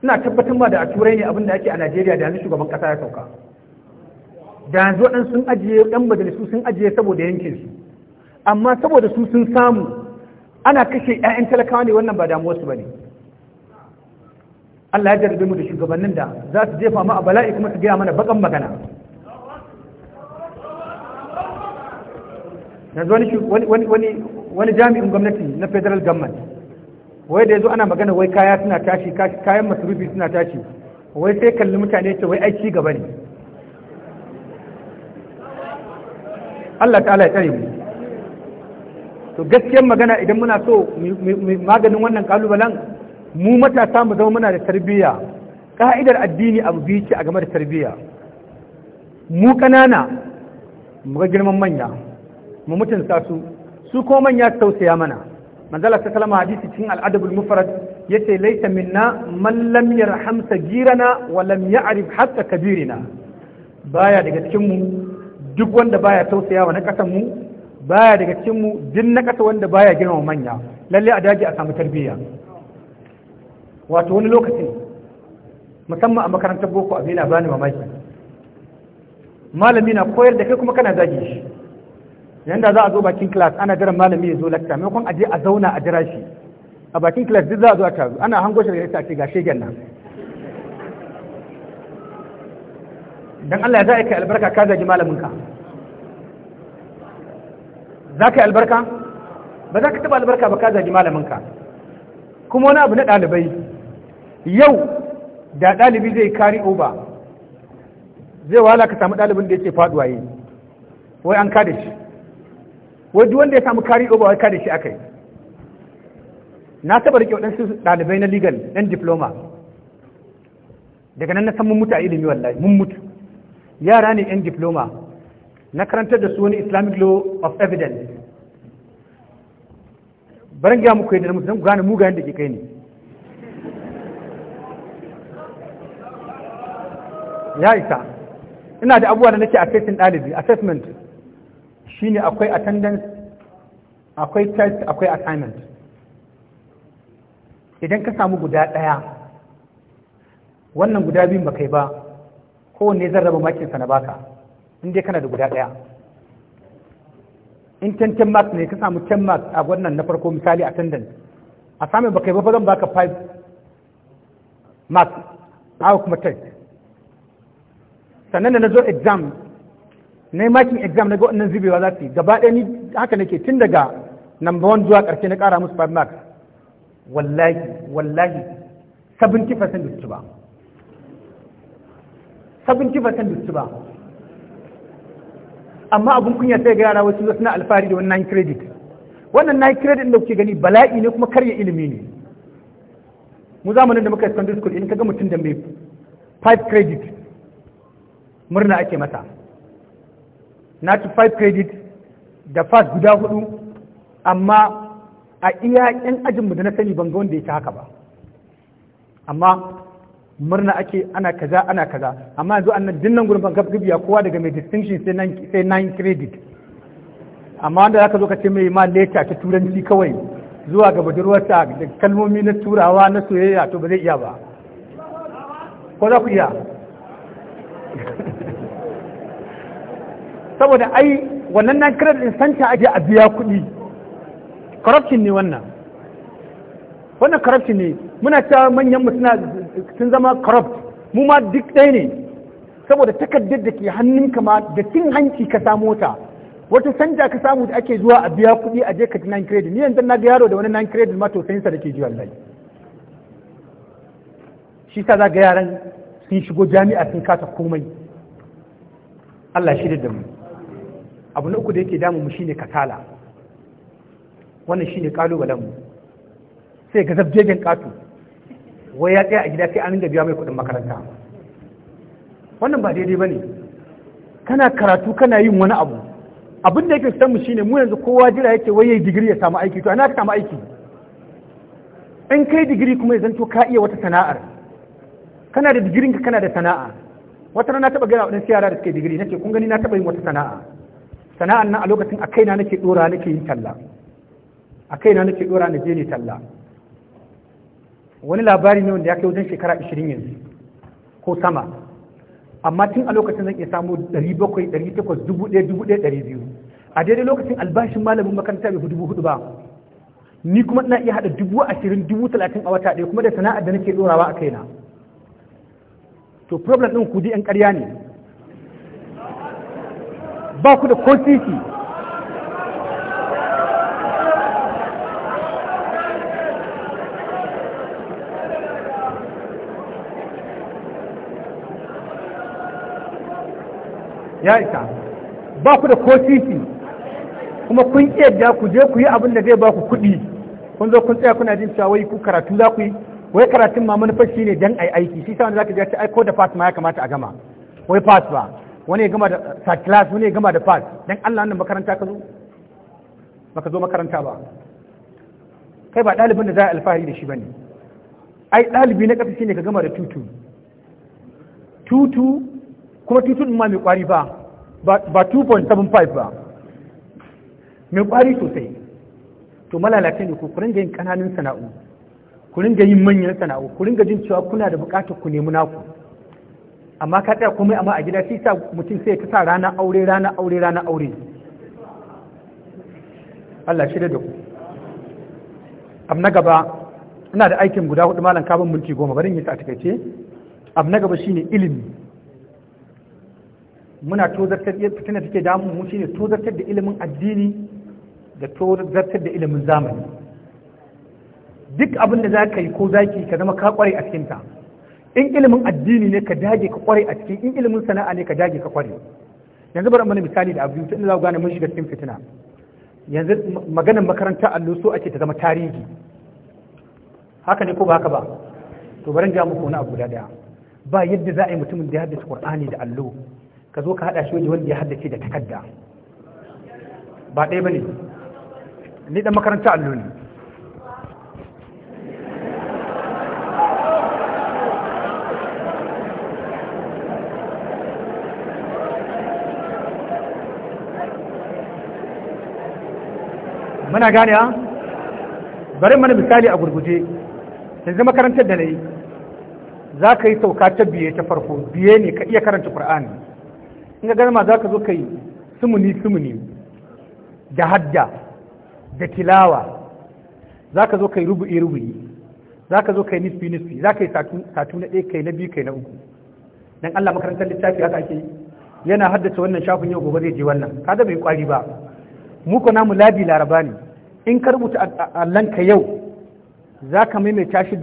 Speaker 1: suna tabbatar ma da a turai ne abin da ake a najeriya da yanzu shugaban kasa ya sauka da yanzu ɗan sun ajiye ɗan majalisu sun ajiye saboda yankin su amma saboda su sun samu ana kashe ƴaƴan talakawa ne wannan ba damuwarsu ba ne Allah ya jarabe mu da shugabannin da za su jefa mu a bala'i kuma su gaya mana bakan magana yanzu wani wani jami'in gwamnati na federal government wai da yanzu ana magana wai kaya suna tashi kayan masarufi suna tashi wai sai kalli mutane ce wai aiki gaba ne Allah ta'ala ya tsare mu to gaskiyar magana idan muna so maganin wannan kalubalen mu matasa mu zama muna da tarbiyya ka'idar addini abu biyu ce a game da tarbiyya mu ƙanana mu ga girman manya mu mutunta su su ko manya su tausaya mana manzala ta salama hadisi cikin al'adabul ya yace laita minna man lam rahamsa girana wa lam ya'rif hatta kabirina baya daga cikin mu duk wanda baya wa na kasan mu baya daga cikin mu duk na kasa wanda baya wa manya lalle a daji a samu tarbiyya wato wani lokaci musamman a makarantar boko abin bani mamaki malami na koyar da kai kuma kana zagi shi yanda za a zo bakin class ana jiran malami ya zo lakta maimakon aje a zauna a jira shi a bakin class duk za a zo a taru ana hango shi da ce ga shegen nan
Speaker 2: dan Allah ya za a kai albarka ka zagi malamin ka za ka yi albarka
Speaker 1: ba za ka taba albarka ba ka zagi malamin ka kuma wani abu na dalibai yau da dalibi zai kari oba zai wahala ka samu dalibin da yake faduwa yi wai an kada shi wai wanda ya samu kari over wai kare shi aka yi na saba rike waɗansu ɗalibai na legal ɗan diploma daga nan na san mun mutu a ilimi wallahi mun mutu yara ne ɗan diploma na karantar da su wani islamic law of evidence barin gaya muku yadda na mutu don gane mugayen da ke kai ne ya isa ina da abubuwa da nake assessing ɗalibi assessment shine akwai attendance akwai test akwai assignment idan ka samu guda ɗaya wannan guda biyun ba kai ba kowanne zan raba makinsa na baka in dai kana da guda ɗaya in 10 10 marks ne ka samu 10 marks a wannan na farko misali attendance a samun ba kai ba zan baka 5 marks a kuma test sannan da na zo exam na yi makin exam na ga wannan zubewa za su yi gaba ɗaya ni haka nake tun daga number one zuwa ƙarshe na ƙara musu five marks wallahi wallahi 70% da su ba 70% da su ba amma abin kunya sai ga yara wasu wasu na alfahari da wannan credit wannan nine credit da kuke gani bala'i ne kuma karya ilimi ne mu zamanin da muka yi secondary school in ga mutum da mai five credit murna ake mata. na ci 5 credit da fas guda hudu amma a iya yan ajinmu da na sani ban ga wanda ya ci haka ba amma murna ake ana kaza ana kaza amma yanzu annan dinnan gurin ban gabgabiya kowa daga mai distinction sai 9 credit amma wanda zaka zo ka ce mai ma leta ta turanci kawai zuwa ga budurwarta da kalmomi na turawa na soyayya to ba zai iya
Speaker 2: ba ko za ku iya
Speaker 1: saboda ai wannan nan credit din santa aje a biya kuɗi corruption ne wannan wannan corruption ne muna ta manyan mutuna sun zama corrupt mu ma duk ɗaya ne saboda takardar da ke hannunka ma da cin hanci ka samo ta wata sanja ka samu da ake zuwa a biya kuɗi a je ka ci nan credit ni yanzu na ga yaro da wani nan credit ma to sai sa da ke ji wallahi shi sa za ga yaran sun shigo jami'a sun kasa komai Allah shi da mu abu na uku da yake damu mu shine kasala wannan shine kalubalen mu sai ga zabjejen katu wai ya tsaya a gida sai an da biya mai kuɗin makaranta wannan ba daidai bane kana karatu kana yin wani abu abin da yake san mu shine mu yanzu kowa jira yake wai yayi digiri ya samu aiki to ana ta samu aiki in kai digiri kuma ya zanto ka iya wata sana'ar kana da digirin ka kana da sana'a wata rana na taɓa gaya waɗansu yara da suke digiri nace kun gani na taba yin wata sana'a sana'an nan a lokacin a kaina nake dora nake yin talla a kaina nake dora na je ne talla wani labari ne wanda ya kai wajen shekara 20 yanzu ko sama amma tun a lokacin zan iya samu 700,800,200 a daidai lokacin albashin malamin makaranta bai dubu hudu ba ni kuma ina iya hada dubu ashirin dubu talatin a wata ɗaya kuma da sana'ar da nake dorawa a kaina to problem ɗin kudi 'yan ƙarya ne ba ku da ko titi ya isa ba ku da ko titi kuma kun ƙiyarda ku je ku yi abin da zai ba ku kuɗi kun zo kun tsaya kuna jin cewa wai ku karatu za ku yi wai karatun ma manufar shi ne don ai aiki shi sa wanda za ka je ta aiko da fasma ma ya kamata a gama wai fasma ba wani ya gama da third class wani ya gama da pass dan Allah wannan makaranta ka zo baka zo makaranta ba kai ba ɗalibin da za a alfahari da shi bane ai ɗalibi na ƙasa shine ka gama da tutu tutu kuma tutu ma mai kwari ba ba 2.75 ba mai kwari sosai to malalata ne ku ku ringa yin ƙananun sana'u ku ringa yin manyan sana'u ku ringa jin cewa kuna da buƙatar ku nemi naku amma ka tsaya komai amma a gida shi sa mutum sai ta sa rana aure rana aure rana aure Allah shi da ku abu na gaba ina da aikin guda hudu malam kabin mulki goma barin yi ta takaice abu na gaba shine ilimi muna tozartar fitina take damun mu shine tozartar da ilimin addini da tozartar da ilimin zamani duk abin da za ka yi ko za ki ka zama ka kware a ta in ilimin addini ne ka dage ka kware a cikin in ilimin sana'a ne ka dage ka kware yanzu bari mana misali da abu tun za ku gane mun shiga cikin fitina yanzu maganar makaranta allo so ake ta zama tarihi haka ne ko ba haka ba to bari ga muku wani abu da daya ba yadda za a yi mutumin da ya haddace qur'ani da allo ka zo ka hada shi da wanda ya haddace da takarda ba ɗaya bane ni dan makaranta allo ne mana gane a? bari mana misali a gurguje yanzu makarantar da na yi za ka yi sauka ta biye ta farko biye ne ka iya karanta ƙur'ani in ga gama za ka zo ka yi sumuni sumuni da hadda da tilawa za ka zo ka yi rubu'i rubu'i za ka zo ka yi nisfi nisfi za ka yi satu na ɗaya kai na biyu kai na uku dan Allah makarantar littafi haka ake yana haddace wannan shafin yau gobe zai je wannan ka da bai kwari ba mu namu ladi laraba ne in ka rubuta allanka yau za ka maimaita shi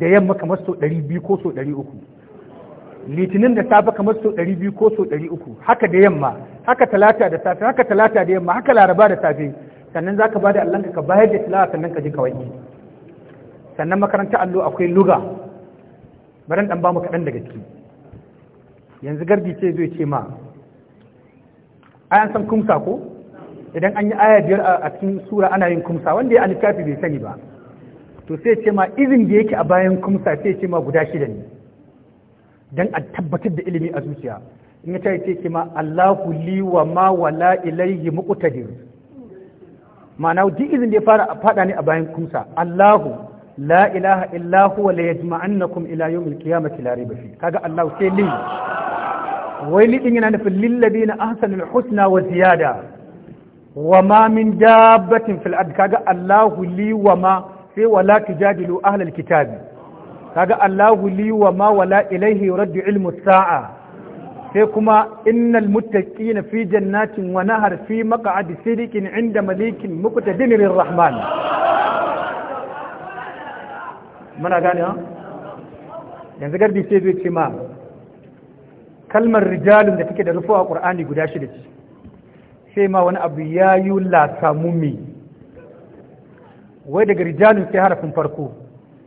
Speaker 1: da yamma kamar sau ɗari biyu ko sau ɗari uku litinin da safe kamar sau ɗari biyu ko sau ɗari uku haka da yamma haka talata da safe haka talata da yamma haka laraba da safe sannan za ka ba da allanka ka bayar da tilawa sannan ka ji kawai sannan makaranta allo akwai luga bari ɗan ba mu kaɗan daga ciki yanzu garbi ce zai ce ma ayan san kumsa ko idan an yi aya biyar a cikin sura ana yin kumsa wanda ya alkafi bai sani ba to sai ce ma izin da yake a bayan kumsa sai ce ma guda shida ne dan a tabbatar da ilimi a zuciya in ya ce ce ma Allahu li wa ma wala ilayhi muqtadir ma'ana duk izin da ya fara fada ne a bayan kumsa Allahu la ilaha illa huwa la yajma'annakum ila yawmil qiyamati la rayba fi kaga Allahu sai li wai li din yana nufin lil ladina ahsanul husna wa ziyada wa ma min dabbatin fil ard kaga Allahu li wa ma sai wala tujadilu ahlal kitabi kaga Allahu li wa wala ilaihi yuraddu ilmu sa'a sai kuma innal muttaqina fi jannatin wa nahar fi maq'adi sidiqin inda malikin muqtadirin rahman muna gane yanzu garbi sai zai ce ma kalmar rijalun da take da rufuwa qur'ani guda shida ce sai ma wani abu ya yi lasamumi wai daga rijalun sai harafin farko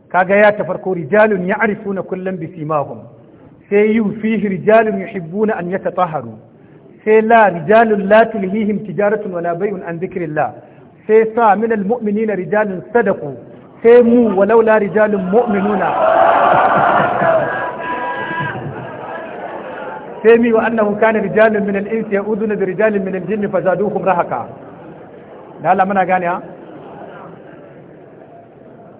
Speaker 1: kaga ya ta farko rijalun ya arifu na kullum bisi mahum sai yi fihi rijalun ya hibbu na an ya taharu sai la rijalun la tulhihim tijaratun wala bai'un an zikirillah sai sa min almu'minina rijalun sadaku sai mu walaula rijalun mu'minuna العثيمي وأنه كان رجال من الإنس يؤذون برجال من الجن فزادوهم رهقا هلا منا غانيا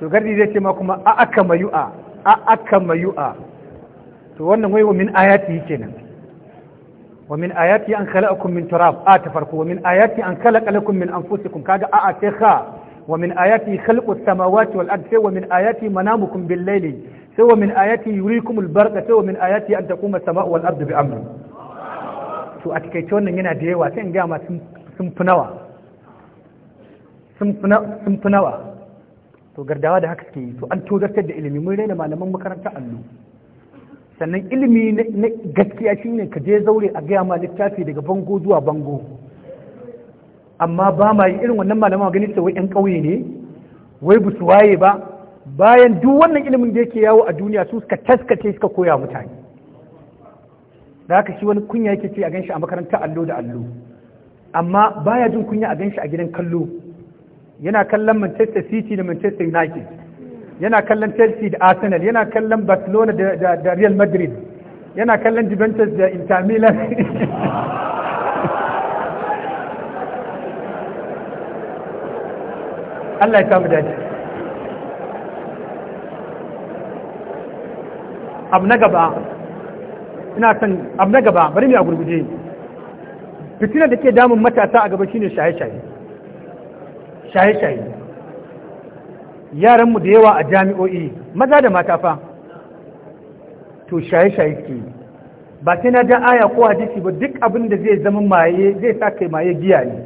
Speaker 1: to gardi zai ce kuma a aka mayu'a a aka mayu'a to wannan wai wa min ayati kenan wa min ayati an khalaqakum min turab a ta farko wa min ayati an khalaqa lakum min anfusikum kaga a a sai wa min samawati wal ardi wa min ayati manamukum sai wa min ayati yurikumul barqa sai wa min ayati an taquma samau wal ardu bi amri to a takaice wannan yana da yawa sai in ga ma sun fi sun fi to gardawa da haka suke yi to an tozartar da ilimi mun raina malaman makarantar allo sannan ilimi na gaskiya shine ka je zaure a gaya ma littafi daga bango zuwa bango amma ba ma yi irin wannan malaman gani cewa yan ƙauye ne wai bu su waye ba bayan duk wannan ilimin da yake yawo a duniya su suka taskace suka koya mutane da haka shi wani kunya yake ce a ganshi a makaranta allo da allo amma baya jin kunya a ganshi a gidan kallo yana kallon Manchester City da Manchester United yana kallon Chelsea da Arsenal yana kallon Barcelona da Real Madrid yana kallon Juventus da Inter Milan Allah ya samu dace abu na gaba bari mai a gurguje fitinar da ke damun matasa a gaba shine shaye-shaye shaye-shaye yaranmu da yawa a jami'o'i maza da mata fa to shaye-shaye suke ba sai na ja aya ko hadisi ba duk abin da zai zama maye zai sa kai maye giya ne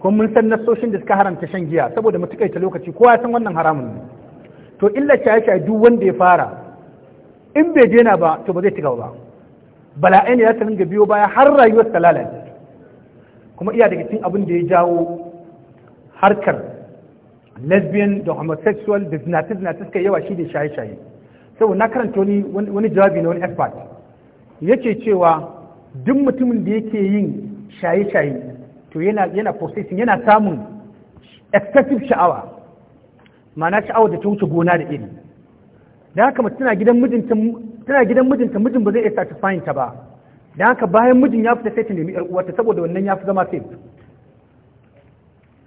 Speaker 1: kuma mun san nasoshin da suka haramta shan giya saboda mu ta lokaci kowa san wannan haramun ne to illa shaye shaye duk wanda ya fara in bai daina ba to ba zai ci gaba bala'ai ne ya ta ringa biyo baya har rayuwar ta lalace kuma iya daga cikin abin da ya jawo harkar lesbian da homosexual da zinatis zinatis kai yawa shi ne shaye-shaye saboda na karanta wani wani jawabi na wani expert yake cewa duk mutumin da yake yin shaye-shaye to yana yana processing yana samun excessive sha'awa ma'ana sha'awa da ta wuce gona da iri da haka mace tana gidan mijinta tana gidan mijinta mijin ba zai iya satisfying ta ba da haka bayan mijin ya fita sai ta nemi yar uwarta saboda wannan ya fi zama safe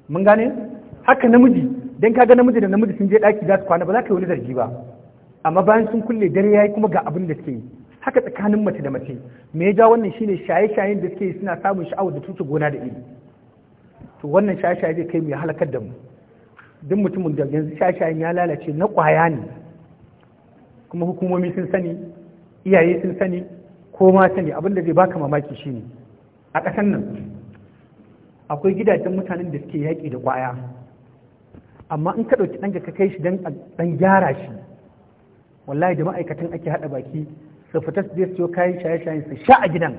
Speaker 1: mun gane haka namiji dan ga namiji da namiji sun je daki za su kwana ba za ka yi wani zargi ba amma bayan sun kulle dare yayi kuma ga abin da suke yi haka tsakanin mace da mace me ya ja wannan shine shaye-shayen da suke suna samun sha'awar da tutu gona da iri to wannan shaye-shaye zai kai mu ya halakar da mu duk mutumin da yanzu shaye-shayen ya lalace na kwaya ne kuma hukumomi sun sani iyaye sun sani ko ma sani abinda zai baka mamaki shine a ƙasan nan akwai gidajen mutanen da suke yaƙi da ƙwaya amma in ka ɗauki ɗanka ka kai shi don ɗan gyara shi wallahi da ma'aikatan ake haɗa baki su fita su je su kayan shaye shaye su sha a gidan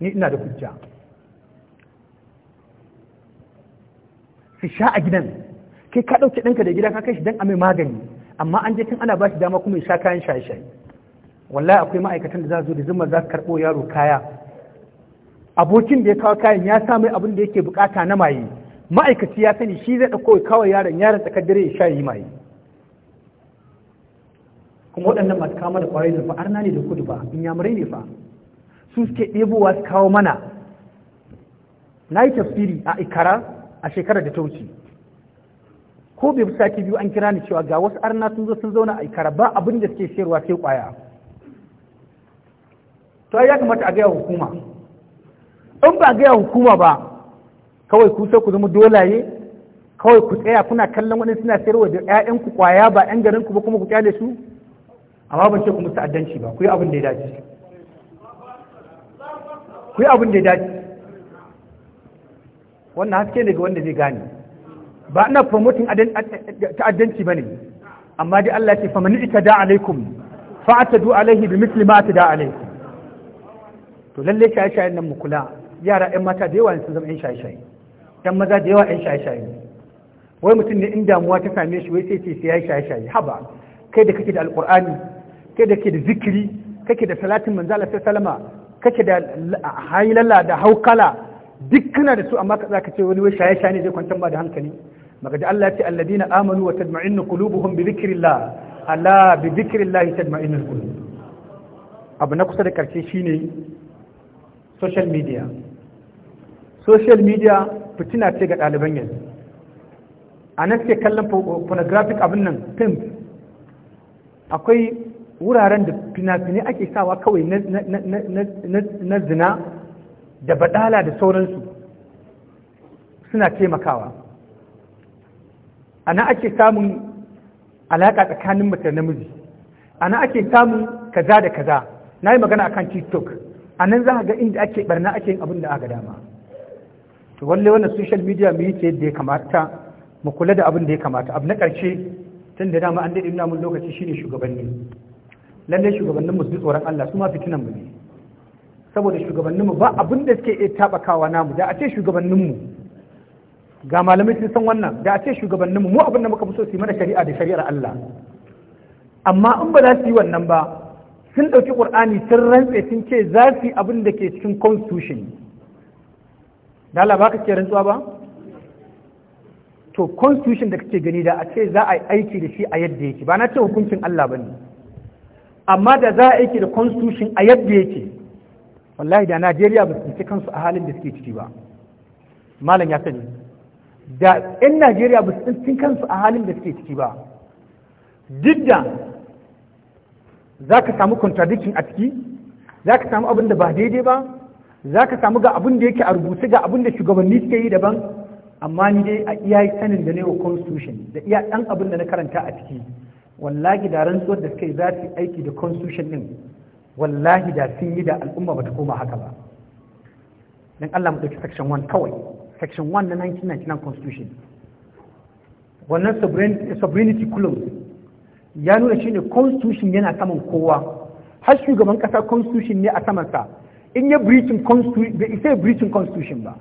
Speaker 1: ni ina da hujja su sha a gidan kai ka ɗauki ɗanka da gida ka kai shi don a mai magani amma an je tun ana ba shi dama kuma ya sha kayan shaye-shaye wallahi akwai ma'aikatan da za zo da zuma za su karɓo yaro kaya abokin da ya kawo kayan ya sa mai abin da yake bukata na maye ma'aikaci ya sani shi zai ɗauko kawo yaron yaron tsakar dare ya sha yi maye kuma waɗannan masu kawo da ƙwayoyin zurfa arna ne da kudu ba in yamurai ne fa su suke ɗebowa su kawo mana na yi tafsiri a ikara a shekarar da ta wuce ko bai sati biyu an kira ni cewa ga wasu arna sun zo sun zauna a ikara ba abin da suke shirwa sai kwaya to ya kamata a gaya hukuma in ba a gaya hukuma ba kawai ku sai ku zama dolaye kawai ku tsaya kuna kallon wani suna sayarwa da ƴaƴan ku kwaya ba ƴan garin ku ba kuma ku kyale su amma ban ce ku musu addanci ba ku yi abin da ya dace ku yi abin da ya dace wannan haske ne ga wanda zai gane ba ina promoting ta'addanci ba ne. amma dai Allah ce faman da alaikum du alaihi bi misli ma da alaikum to lalle shaye shayen nan mu kula yara 'yan mata da yawa sun zama 'yan shaye shaye 'yan maza da yawa 'yan shaye shaye wai mutum ne in damuwa ta same shi wai sai ce sai yayi shaye shaye haba kai da kake da alqur'ani kai da kake da zikiri kake da salatin manzo Allah sallama kake da hailala da haukala duk kana da su amma ka ce wani wai shaye shaye ne zai kwantar ma da hankali maka ji Allah ya ce alladina amanu wa tadma'innu qulubuhum bi dhikrillah ala bi dhikrillah tadma'innul qulub abu na kusa da karshe shine social media social media fitina ce ga ɗaliban yanzu a nan suke kallon pornographic abin nan pimp akwai wuraren da fina-finai ake sawa kawai na zina da badala da sauransu suna taimakawa ana ake samun alaƙa tsakanin mace namiji ana ake samun kaza da kaza na yi magana akan tiktok a nan za ga inda ake barna ake yin abin da aka dama to walle wannan social media mu yi ce yadda ya kamata mu kula da abin da ya kamata abu na ƙarshe tun da dama an daɗe nuna lokaci shine shugabanni lallai shugabanninmu su tsoron Allah su ma fitinan mu ne saboda mu ba abin da suke iya tabakawa namu da a ce mu ga malamai sun san wannan da a ce shugabanninmu mu abin da muka fi so su yi mana shari'a da shari'ar Allah amma in ba za su yi wannan ba sun ɗauki ƙur'ani sun rantse sun ce za su yi abin da ke cikin constitution da Allah ba ka ke rantsuwa ba to constitution da kake gani da a ce za a yi aiki da shi a yadda yake ba na ce hukuncin Allah ba amma da za a aiki da constitution a yadda yake wallahi da Najeriya ba su kansu a halin da suke ciki ba malam ya sani da 'yan najeriya ba su tsin kansu a halin da suke ciki ba duk da za ka samu contradiction a ciki za ka samu abin da ba daidai ba za ka samu ga abin da yake a rubuce ga abin da shugabanni suke yi daban amma ni dai a iya sanin da wa constitution da iya ɗan abin da na karanta a ciki wallahi da rantsuwar da suka yi za su aiki da constitution din wallahi da sun yi da al'umma ba ta koma haka ba dan Allah mu ɗauki section 1 kawai section 1 na 1999 constitution wannan sovereignty clause ya nuna shi ne constitution yana saman kowa har shugaban kasa constitution ne a samansa in ya breaching constitution bai isa breaching constitution ba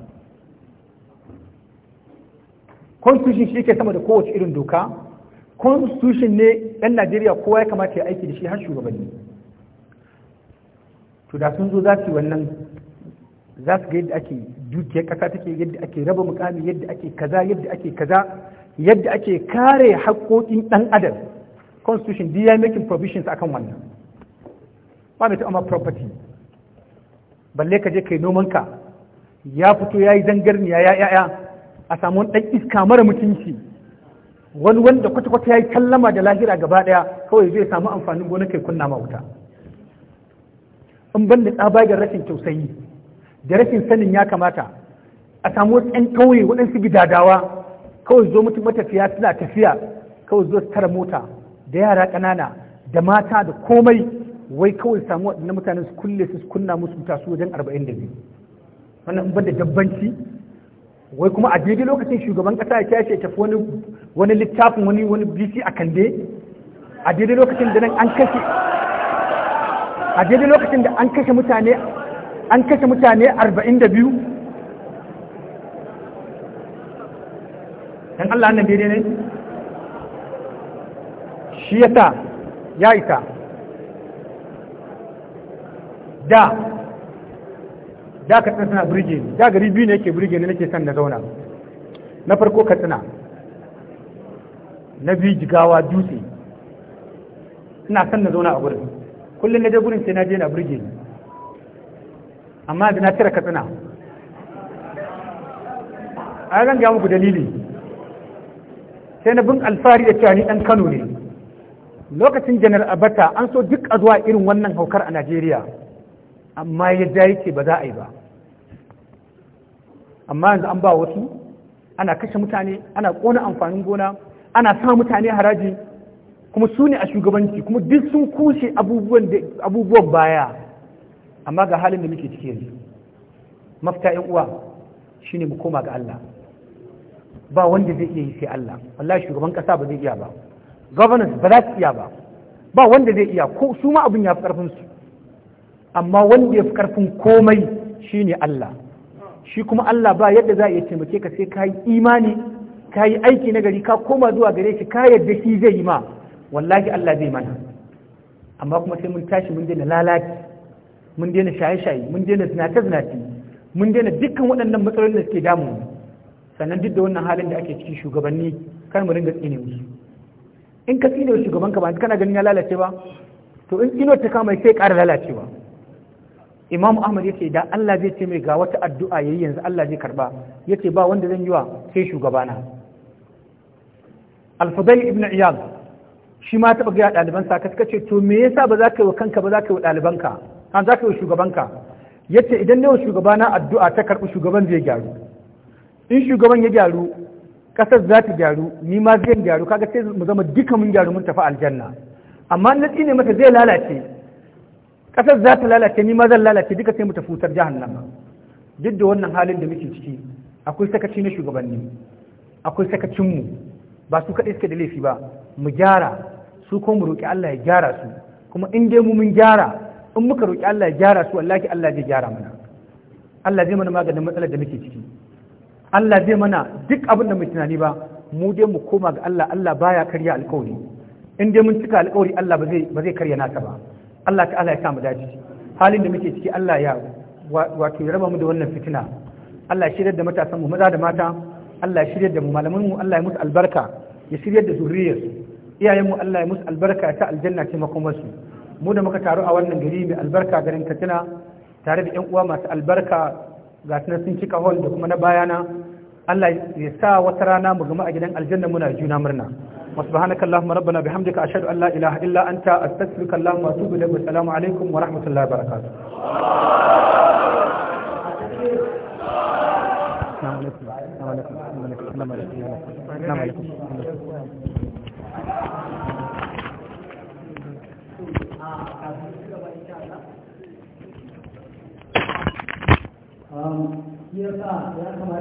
Speaker 1: constitution shi ke sama da kowace irin doka constitution ne ɗan najeriya kowa ya kamata ya aiki da shi har shugabanni to da sun zo za su yi wannan za su ga yadda ake dukiya ƙasa take yadda ake raba mukami yadda ake kaza yadda ake kaza yadda ake kare haƙoƙin ɗan adam constitution dia making provisions akan wannan ba mai ta'amma property balle ka je kai noman ka ya fito ya yi zangarniya ya ya'ya a samu ɗan iska mara mutunci wani wanda kwata-kwata ya yi kallama da lahira gaba ɗaya kawai zai samu amfanin gona kai kunna ma wuta in ban da tsabagen rashin tausayi da rashin sanin ya kamata a samu wasu 'yan kauye waɗansu gidadawa kawai zo mutum matafiya suna tafiya kawai zo tara mota da yara ƙanana da mata da komai wai kawai samu waɗanda mutane su kulle su kunna musu wuta su wajen arba'in da biyu wannan in banda dabbanci wai kuma a daidai lokacin shugaban ƙasa ya tashi ya tafi wani wani littafin wani wani bc a kande a daidai lokacin da nan an kashe a daidai lokacin da an kashe mutane an kashe mutane arba'in da biyu dan Allah annabi ne shi ya sa ya isa da da ka suna birge ni da gari biyu ne yake birge ni nake son na zauna na farko katsina na biyu jigawa dutse ina son na zauna a gurin kullum na je gurin sai na je na birge ni amma na cire katsina a zan ga muku dalili sai na bin alfari da cewa ni ɗan kano ne lokacin janar abata an so duk a zuwa irin wannan haukar a najeriya amma ya ja yake ba za a yi ba amma yanzu an ba wasu ana kashe mutane ana ƙona amfanin gona ana sa mutane haraji kuma su ne a shugabanci kuma duk sun kushe abubuwan baya amma ga halin da muke cikin yanzu mafita yan uwa shine mu koma ga Allah ba wanda zai iya yi sai Allah wallahi shugaban kasa ba zai iya ba governors ba za su iya ba ba wanda zai iya ko su ma abin ya fi karfin su amma wanda ya fi karfin komai shine Allah shi kuma Allah ba yadda za a iya taimake ka sai ka yi imani ka yi aiki na gari ka koma zuwa gare shi ka yadda shi zai yi ma wallahi Allah zai mana amma kuma sai mun tashi mun daina lalaci mun daina shaye-shaye mun daina zinace-zinace mun daina dukkan waɗannan matsalolin da suke damu sannan duk da wannan halin da ake ciki shugabanni kan mu ringa tsine musu in ka tsine shugaban ka ba kana ganin ya lalace ba to in tsino ta kama sai ƙara lalacewa Imam ahmad yace da Allah zai ce mai ga wata addu'a yayi yanzu Allah zai karba yace ba wanda zan yi wa sai shugabana al-fudayl ibn iyad shi ma taɓa ga ɗalibansa ka ce to me yasa ba za ka yi wa kanka ba za ka yi wa ɗalibanka an za ka yi shugabanka ya ce idan yawan shugaba na addu'a ta karɓi shugaban zai gyaru in shugaban ya gyaru ƙasar za ta gyaru ni ma zai gyaru kaga sai mu zama duka mun gyaru mun tafi aljanna amma na tsine mata zai lalace ƙasar za ta lalace ni ma zan lalace duka sai mu tafi wutar jahannama duk da wannan halin da muke ciki akwai sakaci na shugabanni akwai sakacinmu ba su kaɗai suke da laifi ba mu gyara su ko mu roƙi Allah ya gyara su kuma in dai mu mun gyara in muka roƙi Allah ya gyara su wallahi Allah zai gyara mana Allah zai mana maganin matsalar da muke ciki Allah zai mana duk abin da mu tunani ba mu dai mu koma ga Allah Allah baya karya alƙawari in dai mun cika alƙawari Allah ba zai ba zai karya nasa ba Allah ta'ala ya sa mu halin da muke ciki Allah ya wato ya raba mu da wannan fitina Allah ya shiryar da matasan mu maza da mata Allah ya shiryar da mu malaman mu Allah ya musu albarka ya shiryar da zuriyarsu iyayen mu Allah ya musu albarka ta aljanna ce makomarsu mu da muka taru a wannan gari mai albarka garin katsina tare da yan uwa masu albarka ga sunan sun cika hall da kuma na bayana Allah ya sa wata rana mu gama a gidan aljanna muna juna murna wa subhanaka allahumma rabbana bihamdika ashhadu ashadu Allah ilaha illa anta astaghfiruka allahumma wa atubu ilayk assalamu alaikum wa rahmatullahi wa barakatuh
Speaker 2: السلام عليكم السلام عليكم السلام عليكم السلام عليكم kawo shi ya sa ya kamata